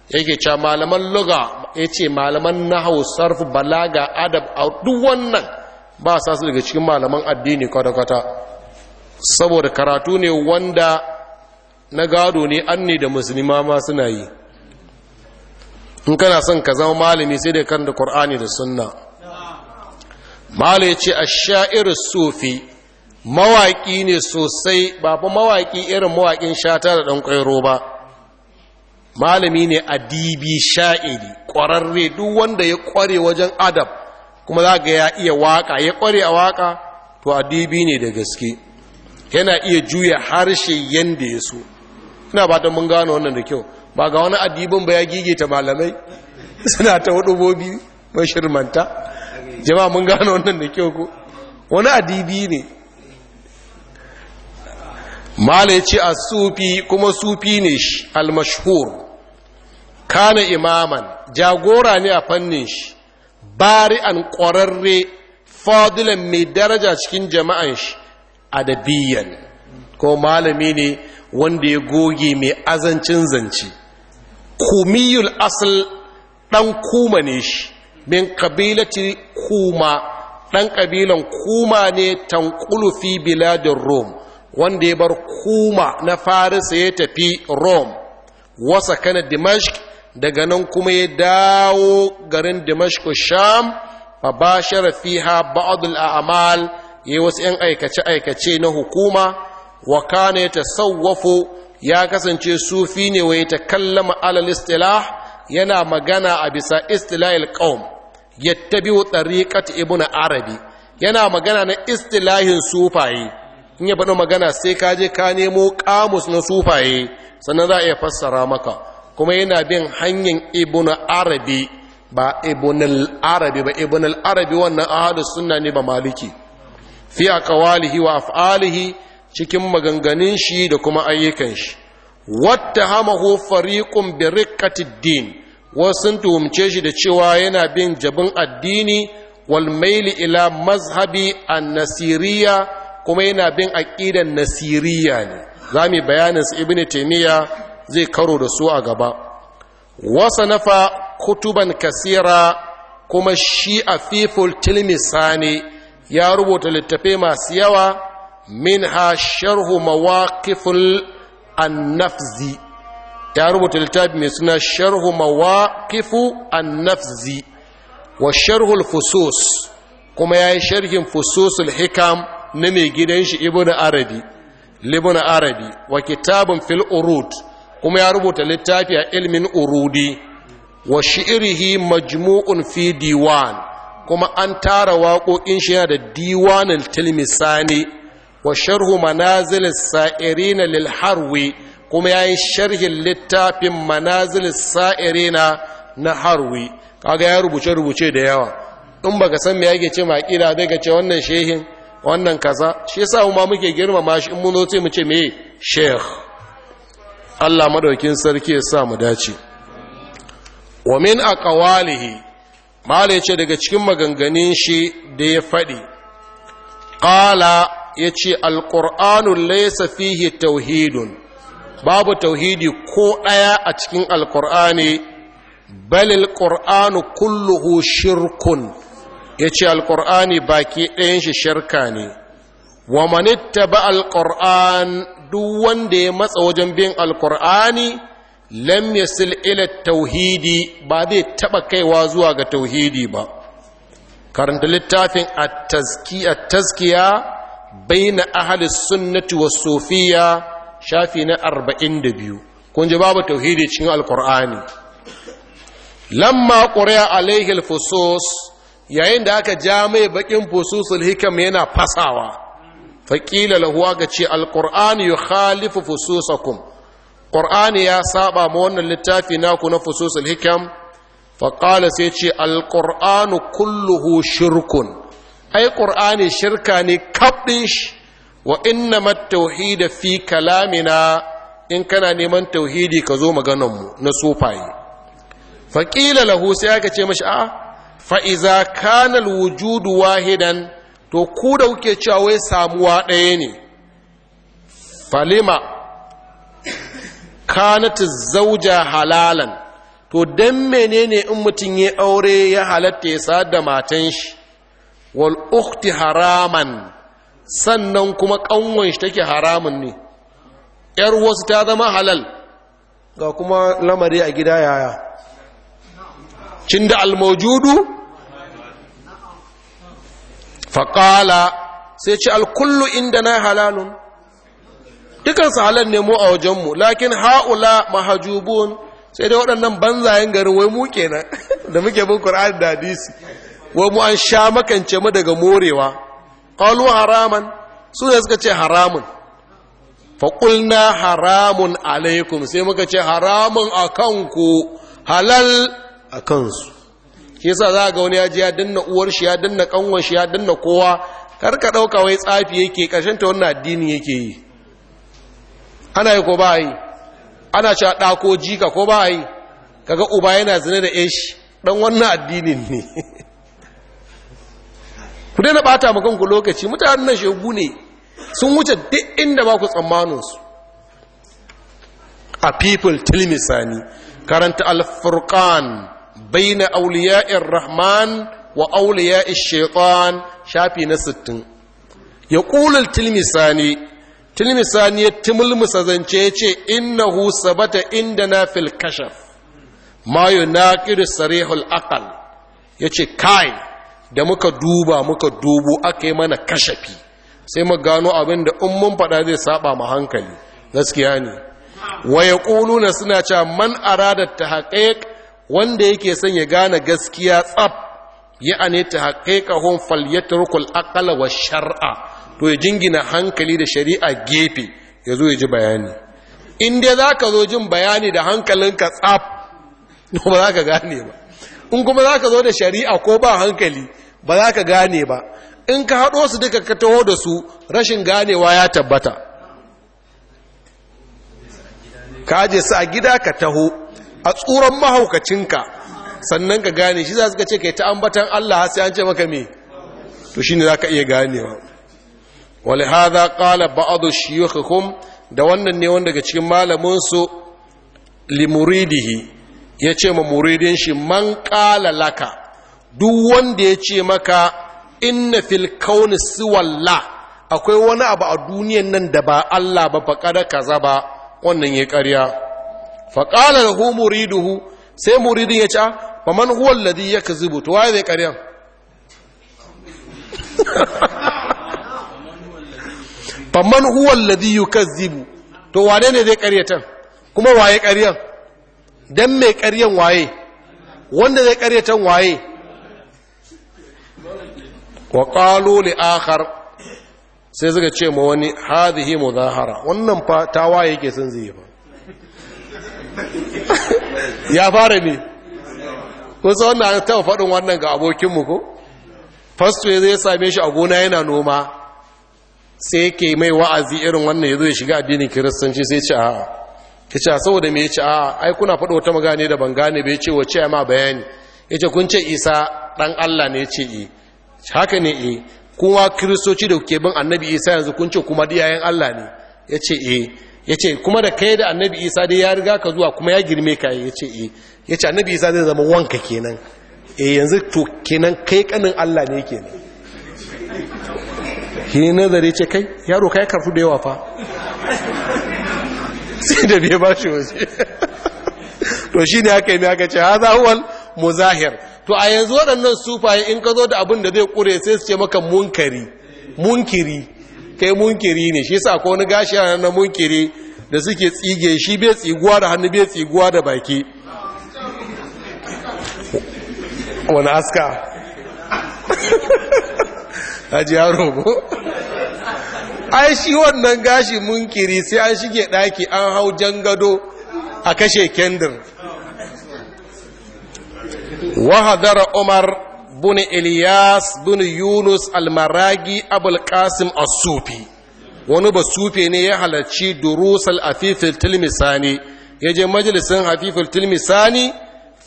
A: yake ce malaman luga ya ce malaman nahau sarfu balaga adab a duk wannan ba sa su daga cikin malaman addini kwata-kwata saboda karatu ne wanda na gado ne an ne da musulma ma suna yi in kana son ka zama malami sai da kan da ƙur'ani da sunna malai ce a sha'irar sufi mawaƙi ne sosai ba fa mawaƙi irin mawaƙin shata da ɗan ƙwairo ba malami ne adibi sha'iri ƙwararre duk wanda ya ƙware wajen adab kuma za ga ya iya waƙa ya ƙware a waƙa to adibi ne da gaske yana iya juya harshe yadda ya so ina ba mun gano wannan da kyau ba ga wani adibin ba ya gigita malamai suna ta hudubobi mashirmanta jama'a mun gano wannan da kyau ko wani adibi ne mala yace a sufi kuma sufi ne shi al kana imaman jagora ne a fannin shi bari an ƙwararre fadilan mai daraja cikin jama'an shi adabiyan ko malami ne wanda ya goge mai azancin zance kumiyul asal ɗan kuma ne shi min kabilati kuma ɗan kabilan kuma ne tankulu fi biladin rome wanda ya bar kuma na farisa ya tafi rome wasa kana dimashq daga nan kuma ya dawo garin dimashq sham fa bashara fiha ba'd al-a'mal yi wasu yan aikace aikace na hukuma wa kana yatasawwafu ya kasance sufi ne wa kallama alal istilah yana magana a bisa istilahil qaum yattabi tariqat ibnu arabi yana magana na istilahin sufaye in ya faɗi magana sai ka je ka nemo kamus na sufaye sannan za a iya fassara maka kuma yana bin hanyar ibn arabi ba ibn arabi ba ibn arabi wannan ahadus sunna ne ba maliki fi aqwalihi wa af'alihi cikin maganganun shi da kuma ayyukan shi wattahamahu fariqun bi riqqati din wasu tuhumce shi da cewa yana bin jabin addini wal maili ila mazhabi a nasiriyya kuma yana bin aƙidan nasiriya ne zamu bayanin su ibnu taimiyya zai karo da su a gaba wasa nafa kutuban kasira kuma shi afiful tilmisani ya rubuta littafi masu yawa minha sharhu mawaqiful annafzi ya rubuta littafi mai suna sharhu mawaqifu annafzi wa sharhul fusus kuma yayi sharhin fususul hikam na mai gidan shi ibn arabi libn arabi wa kitabun fil urud kuma ya rubuta littafi a ilmin urudi wa shi'rihi majmu'un fi diwan kuma an tara waƙoƙin shi da diwanul tilmisani wa sharhu manazil sa'irin lil harwi kuma yi sharhin littafin manazil sa'irin na harwi kaga ya rubuce rubuce da yawa in baka san me yake ce ma kila zai ga ce wannan shehin wannan kaza shi yasa mu ma muke girmama shi in mun zo mu ce me sheikh Allah madaukin sarki ya sa mu dace wa min aqwalihi mala yace daga cikin maganganun shi da ya fadi qala yace alqur'anu laysa fihi tauhidun babu tauhidi ko daya a cikin alqur'ani balil alqur'anu kulluhu shirkun ya ce alƙur'ani baki ɗayan shi shirka ne wa manitta ba alƙur'an duk wanda ya matsa wajen bin alƙur'ani lam yasil ila tauhidi ba zai taɓa kaiwa zuwa ga tauhidi ba karanta littafin at-tazkiya baina ahli sunnati was sufiya shafi na arba'in da biyu. kun ji babu tauhidi cikin alqur'ani lamma ƙuri'a alaihi al yayin da aka ja mai bakin fususul hikam yana fasawa faƙila lahuwa ga ce alƙur'ani ya khalifu fususakum ƙur'ani ya saba ma wannan littafi naku na fususul hikam faƙala sai ce alƙur'anu kulluhu shirkun ai ƙur'ani shirka ne kaɗin wa inna da fi kalamina in kana neman tauhidi ka zo maganarmu na sufaye faƙila lahu sai aka ce mashi a'a. fa'iza kanal wujudu wahidan to ku da kuke cewa wai samuwa ɗaya ne falima kanatu zauja halalan to don menene in mutum ya aure ya halatta ya sa da matan shi wal ukhti haraman sannan kuma ƙanwan shi take haramun ne ‘yar wasu ta zama halal ga kuma lamari a gida yaya cin da almojudu? faƙala sai ci alkullu inda na halalun dukansu halar mu a wajenmu lakin ha'ula mahajubun sai dai waɗannan banzayen gari wai mu kenan da muke bin ƙura'ar da hadisi wai mu an sha makance mu daga morewa ƙalu haraman su ne suka ce haramun faƙulna haramun alaikum sai muka ce haramun a kanku halal a kansu shi sa za ga wani ya ji ya danna uwar shi ya danna kanwar shi ya danna kowa kar ka dauka wai tsafi yake karshen ta wannan addini yake yi ana yi ko ba yi ana cewa ɗa ko jika ko ba yi kaga uba yana zina da yashi dan wannan addinin ne ku daina bata mu kanku lokaci mutanen nan shegu ne sun wuce duk inda ba ku tsammanin su a people tilmisani karanta al-furqan baina auliya'ir rahman wa auliya'ir shaitan shafi na sittin. ya ƙulul tilmisani tilmisani ya timulmusa zance ya ce innahu sabata inda na fil kashaf ma yunaqidu sarihul aqal yace kai da muka duba muka dubu aka yi mana kashafi sai mu gano abin da in faɗa zai saɓa ma hankali gaskiya ne wa yaquluna suna cewa man arada tahqiq wanda yake son ya gane gaskiya tsab ya ane ta falyatar kul aƙala wa shar'a to ya jingina hankali da shari'a gefe ya zo ya ji bayani in za ka zo jin bayani da hankalinka tsab ba za ka gane ba in kuma za ka zo da shari'a ko ba hankali ba za ka gane ba in ka haɗo su duka ka taho da su rashin ganewa ya tabbata ka je su a gida ka taho a tsuran mahaukacinka sannan ka gane shi za su ka ce ka yi ta ambatan Allah sai an ce maka me to shi ne za ka iya ganewa wale za ƙala ba'adu hukum? da wannan ne wanda daga cikin malaminsu limuridihi ya ce ma muridin shi man ƙala laka duk wanda ya ce maka inna fil kauni siwalla akwai wani abu a duniyan nan da ba Allah ba ba kada kaza ba wannan ya karya. faƙala da hu muriduhu sai muridin ya ce ba man huwan ladi ya ka zubu tuwa zai ƙaryan ba man huwan ladi ya ka zubu to wane ne zai ƙaryatan kuma waye ƙaryan don mai ƙaryan waye wanda zai ƙaryatan waye wa ƙalo li akhar sai suka ce ma wani hadhihi mudahara wannan fa tawaye ke son zai ba ya fara ne kusa wannan an faɗin wannan ga abokinmu ko fasto ya zai same shi a gona yana noma sai ke mai wa'azi irin wannan ya zo ya shiga addinin kiristanci sai ce a'a ka ce saboda mai ce a'a ai kuna faɗo wata magane da ban gane bai ce wace ya ma bayani ya ce kun ce isa ɗan allah ne ya ce e haka ne e kuma kiristoci da kuke bin annabi isa yanzu kun ce kuma diyayen allah ne ya ce e ya ce kuma da kai da annabi isa dai ya riga ka zuwa kuma ya girme ka ya ce e ya ce annabi isa zai zama wanka kenan e yanzu to kenan kai kanin allah ne kenan ke nazari ce kai yaro ka karfu da yawa fa sai da bai ba shi wasu to shi ne aka yi ne aka ce ha mu muzahir to a yanzu waɗannan sufaye in ka zo da abin da zai ƙure sai su ce maka munkari munkiri kai munkiri ne shi sa ko wani gashi a na munkiri da suke tsige shi bai tsiguwa da hannu bai tsiguwa da baki wani aska haji ya rogo ai shi wannan gashi munkiri sai an shige daki an hau jan gado a kashe kendir wahadara umar bin Ilyas bin Yunus Almaragi, Abulkasim, Abul Qasim as-Sufi wani basufe ne ya halarci durusal afifil tilmisani ya je majalisin afifil tilmisani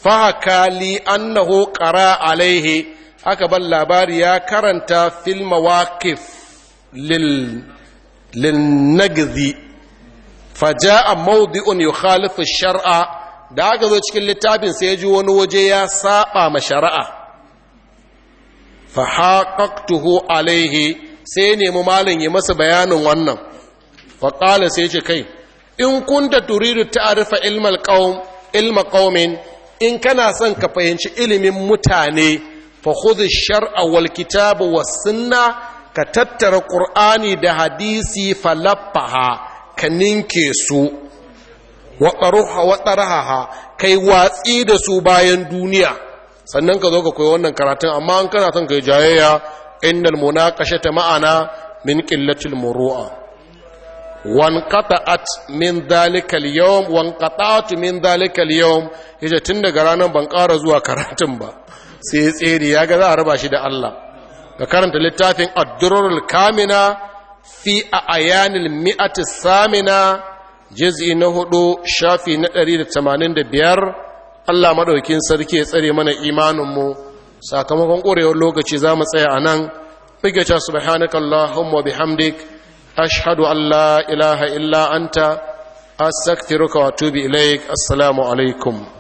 A: fahaka li annahu qara alaihi aka ban labari ya karanta fil mawaqif lil lin nagzi faja'a mawdi'un yukhalifu shar'a da aka zo cikin littafin sai ya ji wani waje ya saba ma shari'a fa haqaqtuhu alaihi sai nemi malam ya masa bayanin wannan fa qala sai ce kai in kunta turidu ta'rifa ilmal qaum ilma qaumin in kana son ka fahimci ilimin mutane fa khudh shar'a wal kitaba was sunna ka tattara qur'ani da hadisi falaffaha ka ninke su wa kai watsi da su bayan duniya sannan ka zo ka koyi wannan karatun amma an kana son kai jayayya innal munaqashata ma'ana min qillatil muru'a wan qata'at min dhalika al-yawm wan min dhalika al-yawm yaje tun daga ranar ban ƙara zuwa karatun ba sai ya tsere ya ga za a raba shi da Allah ka karanta littafin ad-durrul kamina fi ayanil mi'ati samina juz'i na hudu shafi na 185 Allah maɗaukin sarki ya tsare mana imaninmu sakamakon ƙorewar lokaci za mu tsaya a nan fige ta subhanakallahumma bihamdik ashhadu an la ilaha illa anta astaghfiruka wa tubi ilaik assalamu alaikum